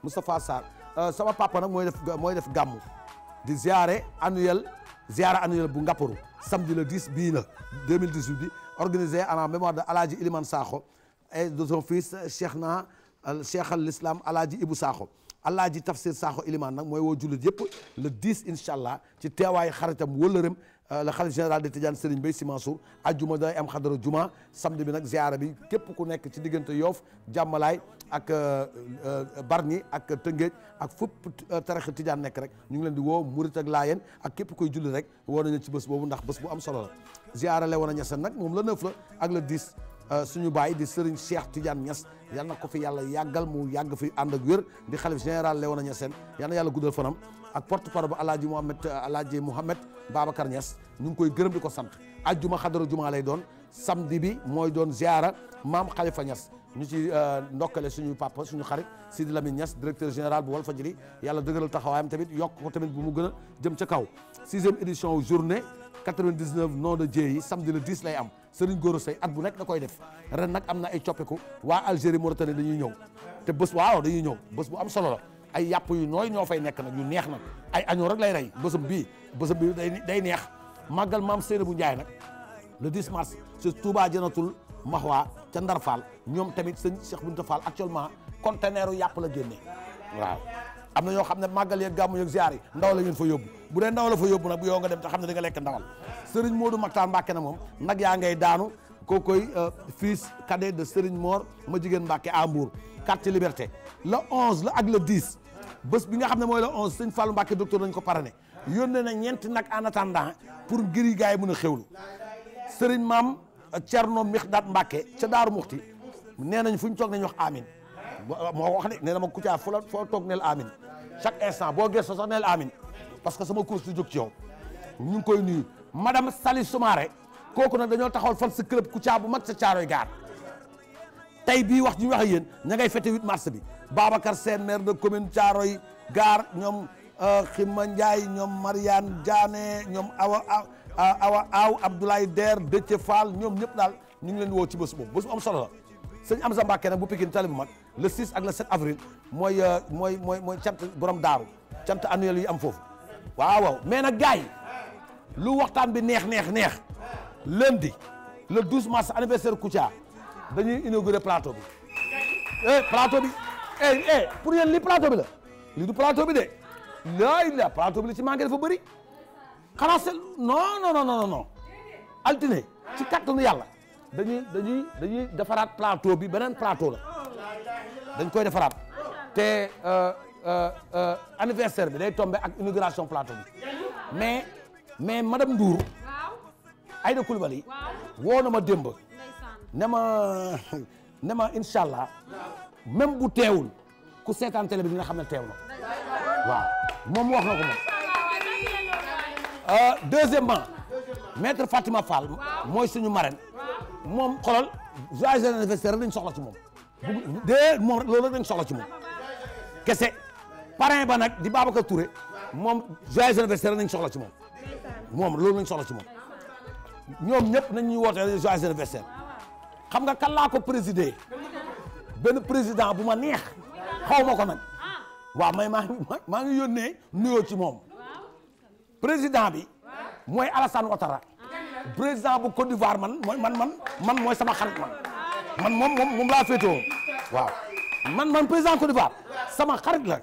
Speaker 1: Moustapha Sarr sama papa nag mooy def mooy def gàmmu di ziare annuel ziara annuel bu Ngaparou samedi la 10 bii na 2018 bi organisé à la mémoire de Alhaji Iliman Sakho et de son fils Cheikhna Cheikh al Islam Alhaji Ibou Sakho Alhaji Tafsir Sakho Iliman nag mooy wo jullit yëpp le 10 incha allah ci teewaayu xaritam wëllëreem euh, la xalif général de Tidiane Serigne Mbaye Sy a ajjuma daay am xadara juma samedi bi nag ziara bi képp ku nekk ci diggante Yoff jàmmalaay ak euh, euh, Bargny ak Tëngéej ak fépp euh, taraxa tijaan nekk rek ñu ngi leen di woo murit ak laayeen ak képp koy julli rek woo nañu ci bés boobu ndax bés bu am solo la ziarale woon a ñasen nag moom la neuf la ak la dix suñu baay di Serigne Cheikh Tidiane Niass yal na ko fi yàlla yàggal mu yàgg fi ànd ak wér di xalif général Léona Niassène yal na yàlla guddal fanam ak porte parole ba Alaaji Mouhamed Alaaji Mouhamed Babacar Niass ñu ngi koy gërëm di ko sant ajjuma xadara juma lay doon samedi bi mooy doon ziara maam xalifa Niass ñu ci euh, ndokkale suñu papa suñu xarit Sidi Lamine Niass directeur général bu Walfadjri yàlla dëgëral taxawaayam tamit yokk ko tamit bu mu gën jëm ca kaw sixième édition journée 99 noms de Dieu yi samedi le 10 lay am Serigne Goro Seye at bu nekk da koy def ren nag am na ay coppiku waa Algérie Mauritanie dañuy ñëw te bës waaw dañuy ñëw bës bu am solo la ay yàpp yu ñooy ñoo fay nekk nag yu neex nag ay añoo rek lay rey bésam bii bésam bii day day neex màggal maam Seydou bu Ndiaye nag le 10 mars ci Touba janatul Mahwa ca Ndar Fall ñoom tamit sëñ Cheikh Binta Fall actuellement conteneur yàpp la génne waaw am na ñoo xam ne màggal yeeg gàmmu yeeg ziar yi ndaw la ngeen fa yóbbu bu dee ndaw la fa yóbbu nag bu yow nga dem te xam ne di nga lekk ndawal Serigne Modou Mactar Mbacke na moom nag yaa ngay daanu kookoy euh, fils cadet de Serigne Mor ma jigéen Mbacke à Mbour quartier Liberté la onze la ak le 10 bés bi nga xam ne mooy le 11 sëñ Fallou Mbacke docteur nañ ko parrainé yónnee na ñeenti nag en attendant pour ngir gaay yi mën a xewlu sëriñ maam Cerno Mixdaat Mbàkke ca Daaru Muxti nee nañ fu ñu toog nañ wax amin moo wax ne nee na ma Kouthia fu la foo toog neel amin chaque instant boo gëstoo sax neel amin parce que sama course du jóg ci yow ñu ngi koy nuyu madame Sali Soumaré kooku nag dañoo taxawal fan sa club Kouthia bu mag sa Caaroy Gaar tey bii wax ñu wax ak yéen ña ngay fête mars bi Babacar Sène maire de commune Caaroy Gaar ñoom Xima euh, Ndiaye ñoom Mariane Diané ñoom Awa Ah, awa aaw Abdoulaye Der Déthié Fall ñoom ñëpp daal ñu ngi leen woo ci bés boobu bés bu am solo la sëñ Amsa Mbàkke nag bu Pikine tali bu mag le 6 ak le 7 avril mooy euh, mooy mooy mooy cant borom daaru cant annuel yi am foofu waaw waaw mais nag gars yi lu waxtaan bi neex neex neex lundi le 12 mars anniversaire Kouthia dañuy inauguré plateau bi eh plateau bi eh eh pour yéen li plateau bi la lii du plateau bi de laa la plateau bi li ci manqué dafa bëri xanaa seet non non non non non altine ci kattanu yàlla dañuy dañuy dañuy defaraat plateau bi beneen plateau la dañ koy defaraat te euh, euh, euh, anniversaire bi day tombé ak inauguration plateau bi mais mais madame Ndour Aïda Coulibaly woo na ma démb ne ma ne ma incha allah même bu teewul ku seetaan télé bi dina xam ne teew na waaw moom wax na ko moom. Euh, deuxièmement maître Fatima Fall mooy suñu marraine moom xolol joyeux anniversaire lañ soxla ci moom dé moom rek loolu lañ ci moom kese parrain ba nag di Babacar Touré moom joyeux anniversaire lañ soxla ci moom moom loolu lañ soxla ci moom ñoom ñëpp nañ ñuy woote joyeux anniversaire xam nga kan laa ko présider benn président bu ma neex xaw ma ko nag waaw may maa maa ngi yónnee nuyoo ci moom président bi mooy Alassane Ouattara président bu Côte d'Ivoire man mooy man man man mooy sama xarit man man moom moom moom laa féetewoo waaw man man président Côte d'Ivoire sama xarit la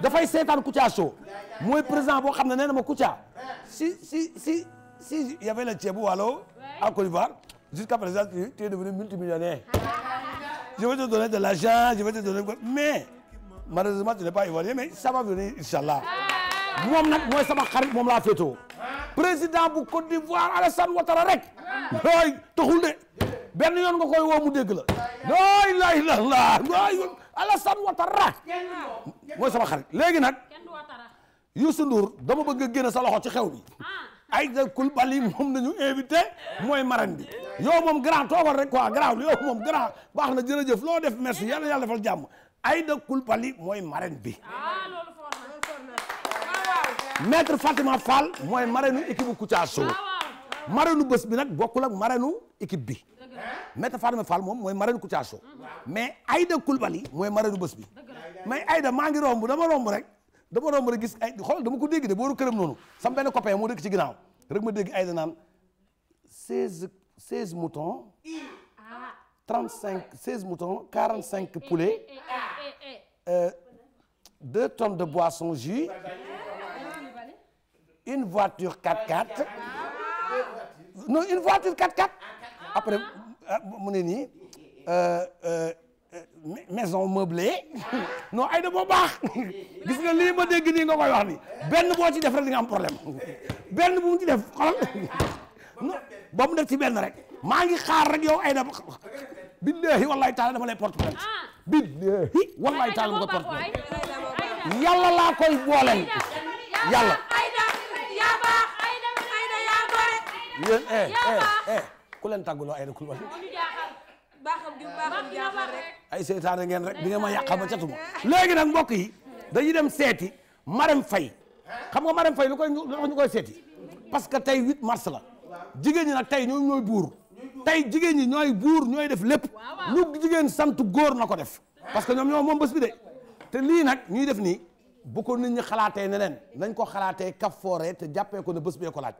Speaker 1: dafay seetaan Kouthia Show mooy président boo xam ne nee na ma Kouthia si si si si y avait le ceebu waalo à Côte d'Ivoire jusqu'à présent tu es devenu multimillionnaire je vais te donner de l'argent je vais te donner mais malheureusement tu n'es pas ivoirien mais ça va venir moom nag mooy sama xarit moom laa féetoo président bu Côte d'Ivoire Alassane Ouattara rek looy taxul de benn yoon nga koy woo mu dégg la looy lay la laa looy Alassane Ouattara mooy sama xarit léegi nag Youssou Ndour dama bëgg a génne sa loxo ci xew bi ah. Aïda Coulibaly moom nañu invité mooy marraine bi yow moom grand toogal rek quoi grand yow moom grand baax na jërëjëf loo def merci yàlla yàlla defal jàmm Aïda Coulibaly mooy marraine bi ah, maître Fatima Fall mooy marraine équipe bu Kouthia Show marraine bés bi nag bokkul ak marraine équipe bi maître Fatima Fall moom mooy marraine Kouthia Show mais Aïda Coulibaly mooy marraine bés bi mais Aïda maa ngi romb dama romb rek dama romb rek gis ay xool dama ko dégg de booru këram noonu sama benn copain moo dëkk ci ginnaaw ma dégg Aïda naan seize seize moutons trente cinq seize cinq eh, eh, poulets eh, euh, deux tonnes de boisson jus une voiture 4x4 non une voiture 4x4 après mu ne nii maison meublée non ay da boo baax gis nga lii ma dégg nii nga koy wax ni benn boo ci def rek di am problème benn bu mu ci def xolal non ba mu def ci benn rek maa ngi xaar rek yow ay da billahi wallahi taala dama lay porte plainte billahi wallahi taala dama koy porte
Speaker 2: plainte
Speaker 1: laa koy booleel
Speaker 2: yaa baax Aïda yaa gore
Speaker 1: yéen eh, eh eh ku leen tàgguloo Aïda ku rek ay seytaane ngeen rek di ngeen ma yàqal ma catuma léegi nag mbokk yi dañuy dem seeti Marème fay xam nga Marème fay lu koy wax ñu koy seeti parce que tey 8 mars la jigéen ñi nag tey ñoom ñooy buur tey jigéen ñi ñooy buur ñooy def lépp lu jigéen sant góor na ko def parce que ñoom ñoo moom bés de te lii nag ñuy def nii bu ko nit ñi xalaatee neneen nañ ko xalaatee kaf foore te jàppee ko ne bés bee ko laaj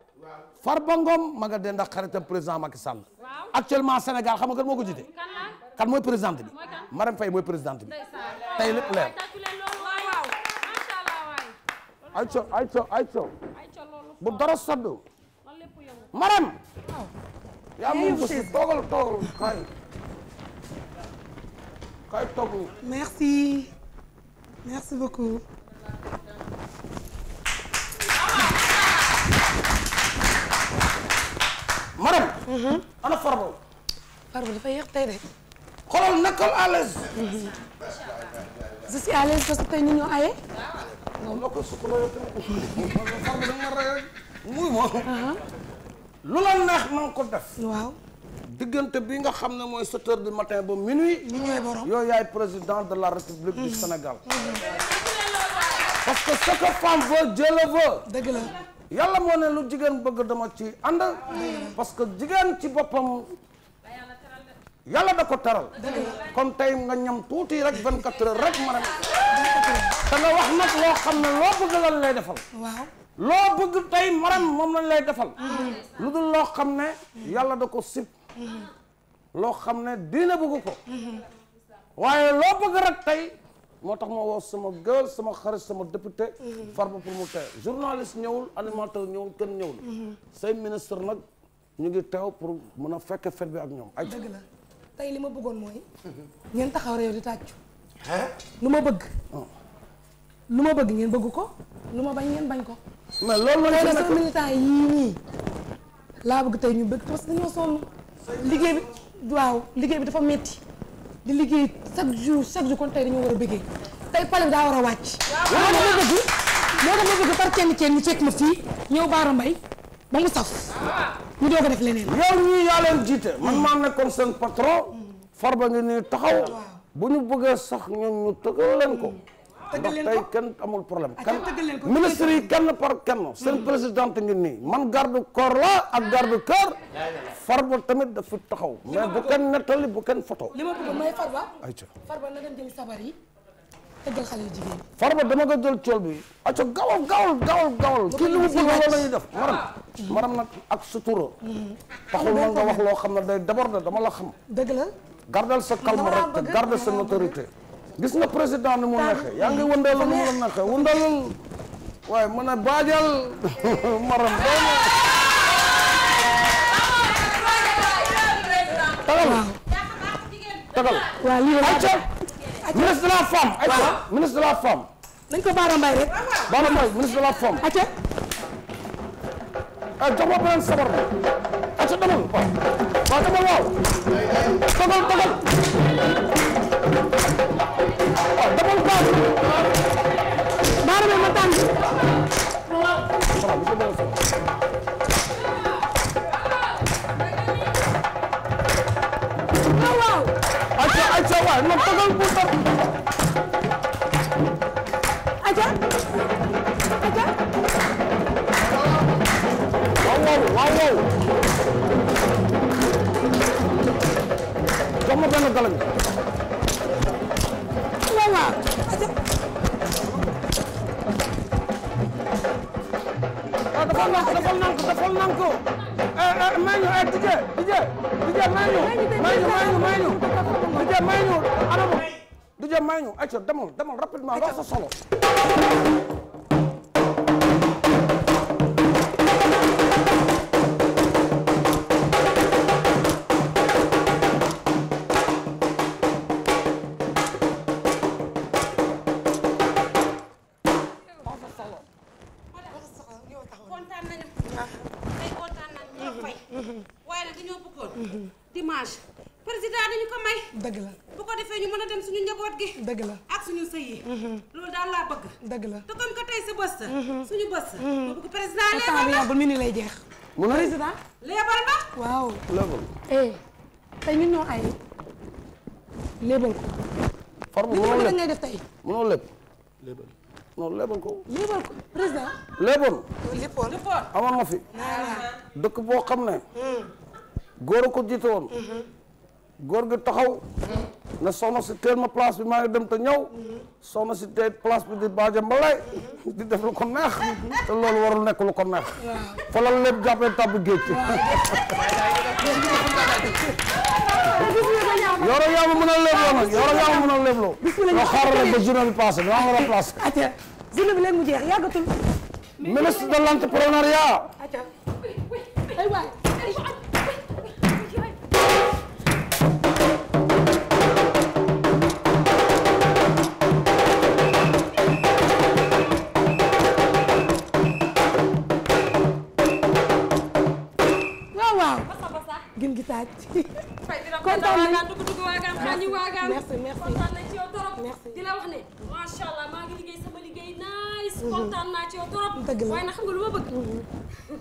Speaker 1: Farba Ngom ma nga ndax président Macky Sall actuellement Sénégal xam nga kan moo ko jiite kan mooy présidente bi Marème Faye mooy présidente bi tey lépp bu dara sodd Marème yaa mu basi toogal toogal kay kay madame. Mhm. que tey ñu
Speaker 2: ko sukkandiku. farbo
Speaker 1: da nga ma rey rek. muy moom. lu la neex na nga ko def. waaw. diggante bi nga xam ne mooy sept heures du matin ba minuit. minuit yaay président de la république du mhm. Sénégal.
Speaker 2: Mhm.
Speaker 1: parce que ce que femme veut Dieu la yàlla moo ne lu jigéen bëgg dama ci ànd. parce que jigéen ci boppam. yàlla da ko taral kon tey nga ñam tuuti rek 24 heures rek ma ne te wax nag loo xam ne loo bëgg lan lay defal loo bëgg tey maram moom lañ lay defal mm-hmm. lu dul loo xam ne yàlla da ko sib mm-hmm. loo xam ne diine bëgg ko mm-hmm. waaye loo bëgg rek tey moo tax ma woo sama gël sama xarit sama député farba pour mu tey journaliste ñëwul animateur ñëwul kenn ñëwul say ministre nag ñu ngi teew pour mën a fekk fet bi ak ñoom ay dëgg la
Speaker 2: tey li ma bëggoon mooy ngeen taxaw réew di tàccu
Speaker 1: lu ma bëgg oh. lu ma bëgg ngeen bëgg
Speaker 2: ko lu ma bañ ngeen bañ ko
Speaker 1: mais loolu la sama militant
Speaker 2: yii nii laa bëgg tey ñu bëgg parce que dañoo sonn liggéey bi waaw liggéey bi dafa metti di liggéey chaque jour chaque jour kon tey dañoo war a bëggee tey pale bi daa war a wàcc. waaw moo dama bëgg
Speaker 1: moo dama bëgg par kenn kenn ñu fekk ma fii ñëw Baara Mbaye ba mu saf. ñu doog a def leneen. yow ñii yaa leen jiite. man maa nekkoon seen patron. Farba ngi nii taxaw. bu ñu bëggee sax ñun ñu tëgal leen ko. ndax tey kenn amul problème kan ministre yi kenn par kenn seen hmm. présidente ngi nii man garde corps la ak garde corps farba tamit dafa taxaw mais bu kenn nettali bu kenn photo li ma
Speaker 2: bëgg may farba farba na dem jëli sabar yi tëggal xale yu jigéen
Speaker 1: farba dama ko jël cool bi aco gawal gawal gawal gawal kii li mu bëgg loolu la ñuy def maram maram nag ak sutura hmm. taxul man nga wax loo xam ne day d'abord dama la xam dëgg la gardal sa calme rek te garde sa notoriété gis nga président nu mu neexee yaa ngi wëndalu nu mu neexee wëndalul waaye mu ne baajal maram doone tagal tagal waaw lii ayca ministre de la femme ayca ministre de la femme nañ ko Baara Mbaye rek Baara Mbaye ministre de la femme ayca ay eh, jox ma beneen sabar bi ayca demal waaw waaw demal waaw tagal tagal
Speaker 2: Vamos ver no galão.
Speaker 1: ayca demal demal rapidement wax sa solo.
Speaker 2: président léebal mi ni lay jeex. mu ne président. léebal ma. waaw léebal. eh tey ñun ñoo ay léebal
Speaker 1: ko. forme mënoo lépp ngay def tey. mënoo lépp. léebal non léebal ko. léebal ko président. léebal. léppoon amoon na fi. dëkk boo xam ne. Hmm. góor a ko jiite woon. Hmm. góor ga taxaw mm-hmm. na soxna si teel ma place bi maa ngi dem te ñëw mm-hmm. soxna si teel place bi di baaja mbalay mm-hmm. di def lu ko neex te loolu warul nekk lu ko neex fa la lépp jàppee tàbbi géej ci
Speaker 2: yoro yaa ma mën a lebloo nag yoro yaa ma mën a lebloo loo xaaral rek ba
Speaker 1: journée bi passé maa ngi war a place
Speaker 2: journée bi léegi mu jeex yàggatul
Speaker 1: ministre de l'entrepreneuriat
Speaker 2: cin gi tàcc. kontaan nañu dugg dugg waagaam xaañi waagaam. merci merci kontaan nañ ci yow trop. merci di la wax ne. macha allah maa ngi liggéey sama liggéey nice. Mhm. kontaan naa ci yow trop. dëgg la waaye nag xam nga lu ma bëgg. Mhm.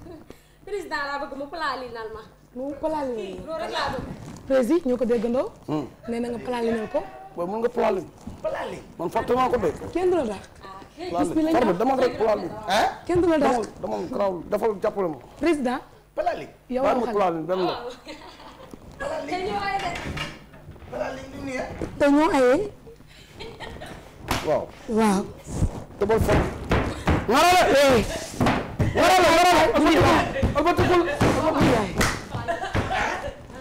Speaker 2: président laa bëgg mu plalinal ma. mu plalinal ma loolu rek laa bëgg. président ñoo ko déggandoo. Hmm. nee na nga plalinal ko.
Speaker 1: waaw mën nga plalinal. plalinal man fàtte maa ko dégg. kenn
Speaker 2: du la dàq. bis bi lañ dàq farba dama rek
Speaker 1: plalinal. kenn du la dàq dama dama karaw dafa jàppale ma. président. balaa léegi. yow ma trois mille benn la. balaa oh. léegi te ñoo aye de. balaa léegi li mu ah. ne. te ñoo aye. waaw. waaw. te booy fokk.
Speaker 2: ngara la. ngara la ngara la. albatikul albatikul.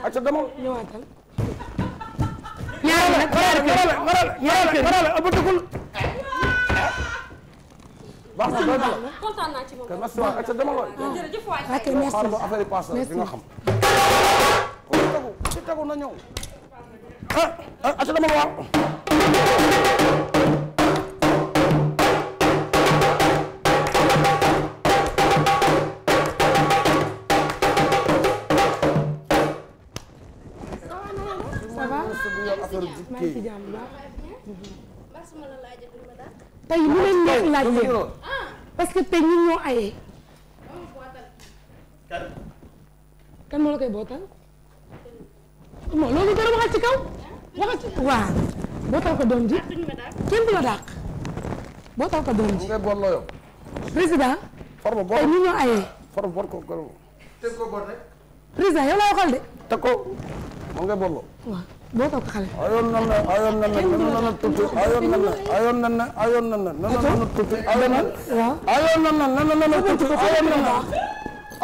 Speaker 2: acca demal. ñëwaatal.
Speaker 1: ñaari nag ñaari kër ñaari kër ngara la ngara la albatikul. baax na doy na la
Speaker 3: kontaan naa ci moom. kon merci waay ak sa dama waay. Ah, jërëjëf waay. ok ah, merci xaaral ba
Speaker 1: affaire yi paase la di nga xam. ku ci tegu ci tegu na ñëw. ah ah ak sa dama waaw.
Speaker 2: ça va. maa ngi ci jàmm bu baax. tey lu leen neex laaj leen parce que tey ñun ñoo ayee. kan moo la koy bootal. non loolu dara waxal ci kaw. waxal ci waaw. bootal ko doom ji ah, kenn du la dàq. bootal ko doom ji président. forme ñun ñoo ayee.
Speaker 1: président yow laa waxal de. teg ko moom ngay boot loo. boo ko xale. ayoon nan na ayoon nan na nan na tuuti ayoon nan na ayoon nan na ayoon nan na nan na tuuti ayoon nan. waaw ayoon nan na nan na na tuuti ayoon nan na.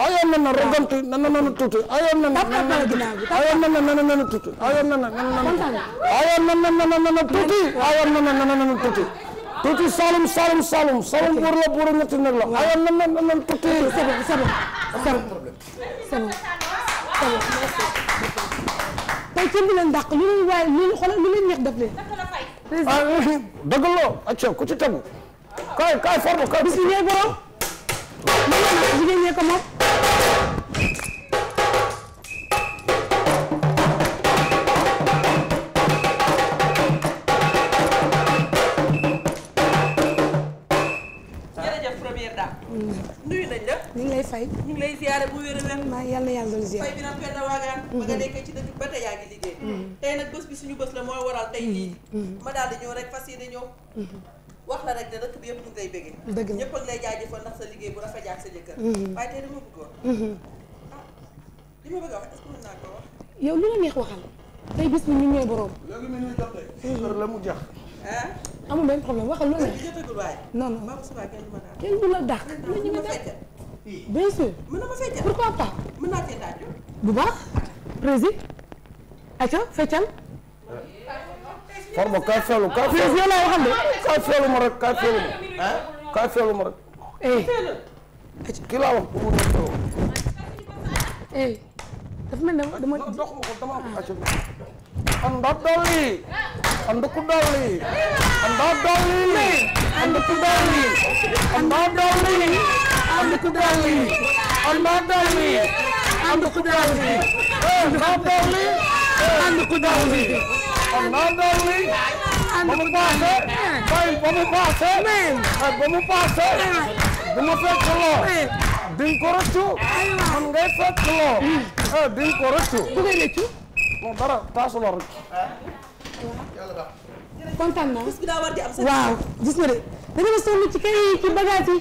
Speaker 1: ayoon nan na roganti nan na na tuuti ayoon nan na. ayoon nan na nan na tuuti ayoon nan na nan na ayoon nan na nan na tuuti ayoon nan na nan na tuuti. tuuti Saloum Saloum Saloum Saloum buur la
Speaker 2: buur ñetti nag la ayoon nan na nan tuuti. sabab sabab sabab sabab tey kenn du leen dàq lu leen waaye lu leen xoolal lu leen ñeex def leen.
Speaker 1: ah dëgg loo acca ku ci tegu. kaay kaay
Speaker 2: bis bi ñee ko moom.
Speaker 3: Faye. ñu ngi lay a wér. maa yàlla bi nag Penda Wagan. Mm-hmm. ba nga nekkee ci mm-hmm. mm-hmm. wax la rek ne dëkk bi yëpp ñu ngi lay la ñëpp liggéey bu rafet ak
Speaker 1: ah, li ma a wax est-ce que mën
Speaker 2: ko wax. yow lu la neex waxal. tey bis bi ñu ñooy borom. la mu jax. ah amul benn problème waxal lu la neex. non non kenn du la dàq. kenn du la dàq. bien sûr. mën na ma feccal pourquoi pas. mën
Speaker 3: naa cee daaju.
Speaker 1: bu baax. président. acca feccal. forme kaay feelu kaay feelu yow laa waxal de. kaay feelu ma rek kaay feelu ma. kaay feelu ma rek. Eh. kii laa wax pour mu nekk
Speaker 2: dafa mel ne dama dox ma ko dama ko acca. anda dolli. anda ku dolli. anda dolli. anda ku dolli. anda dolli. అందుకు తల్లి అమ్మా తల్లి అందుకు తల్లి అమ్మా తల్లి అందుకు తల్లి అమ్మా తల్లి Vamos passar! Vai, Mo Da nga sonn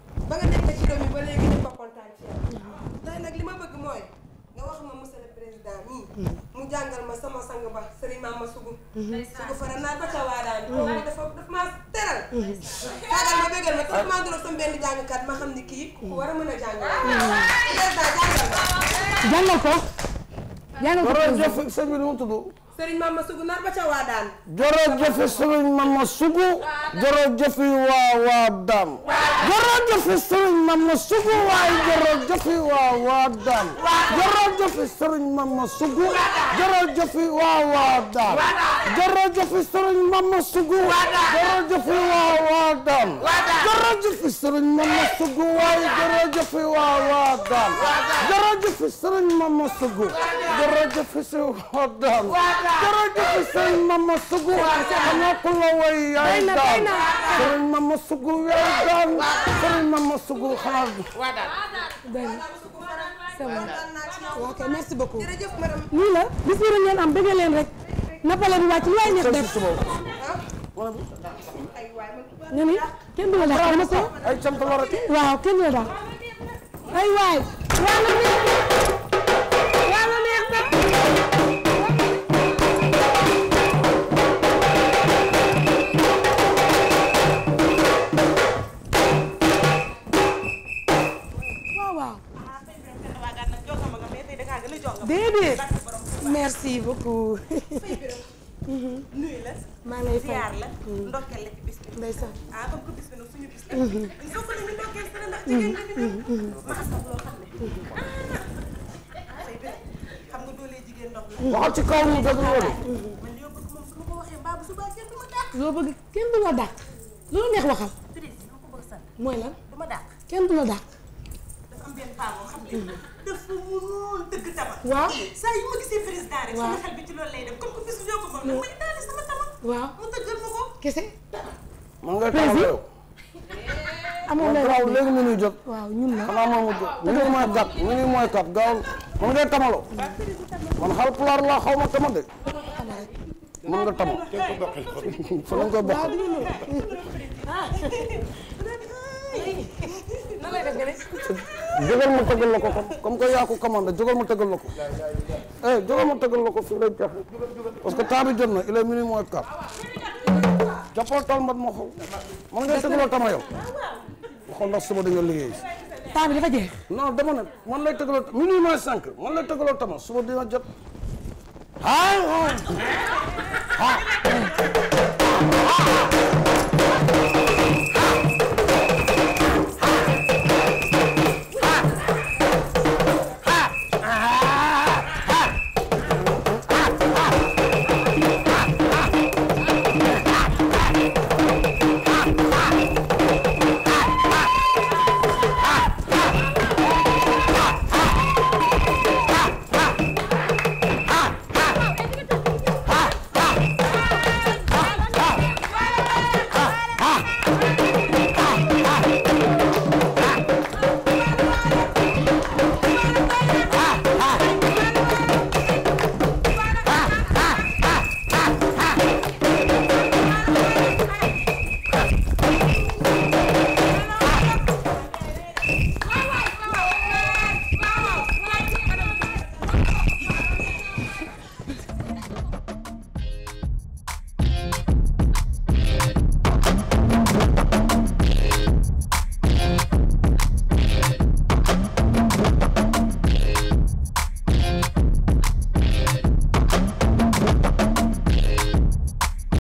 Speaker 2: ba nga nekk ci doom ba léegi ñëpp a kontaan ci yow. tey li ma bëgg mooy nga wax ma monsieur le président mii. mu jàngal ma sama sang ba Serigne Mama Sougou.
Speaker 3: Sougou faral naa ba teral.
Speaker 2: ma bëggal ma te dafa maa gënoon sama benn jàngkat ma xam ni kii. war a mën a jàngal. président
Speaker 1: jàngal ko. jàngal ko président jërëjëf sëñ bi nu
Speaker 2: sëriñ Mama Sougou nar ba ca waa daan.
Speaker 1: waa waa daan. jërëjëfi waa waa daal jërëjëfi sëriñ mama sugu jërëjëfi waa waa daal jërëjëfi sëriñ mama sugu jërëjëfi waa waa daal jërëjëfi sëriñ mama sugu waaye jërëjëfi waa waa daal jërëjëfi sëriñ mama sugu jërëjëfi si waa daal jërëjëfi sëriñ mama sugu xanaa ku la way yaay daal sëriñ mama sugu yaay daal sëriñ mama sugu xanaa
Speaker 2: ok merci beaucoup. jërëjëf nii la bis bi ngeen am bëgg rek. napa leen wàcc lu waay neex def. ñu ni kenn du la daal waaw kenn du la daal. ay waay. déedéet merci beaucoup. Mhm. nuyu la. maa lay fay ziar la. Mhm. ndokkeel la ci bis bi. ndeysaan ah mhm. jigéen ñi. ma xam ah, waxal ci kaw ñu déglu loolu.
Speaker 3: man li ma kenn loo
Speaker 2: bëgg kenn du la dàq. loolu neex waxal. mooy lan. kenn du la dàq. def ko mu noonu dëgg tama. waaw eh, saa yu ma gisee président rek. sama xel bi ci loolu lay dem comme que bisu ñoo ko moom nag may daali sama tama. waaw mu tëggal ma ko. kese.
Speaker 1: mën nga taxaw amoon na raw léegi mu ngi jóg. waaw ñun la xanaa moom mu jóg mu ngi mooy kat mu ngi mooy kat gaaw mën nga tamaloo. man xal pulaar laa xaw ma tama de. mën nga tamal. fa lañ koy bokkal.
Speaker 2: jógal
Speaker 1: ma tëggal la ko kon comme que yaa ko commandé jógal ma tëggal la ko eh jógal ma tëggal la ko fii lay joxe parce que temps bi jot na il est minuit moins quart jàppal tool mbat ma xool man ngay tëggaloo tama yow waxoon ndax suba dañoo liggéey temps dafa jeex non dama man lay tëggaloo tama suba dina jot ah ah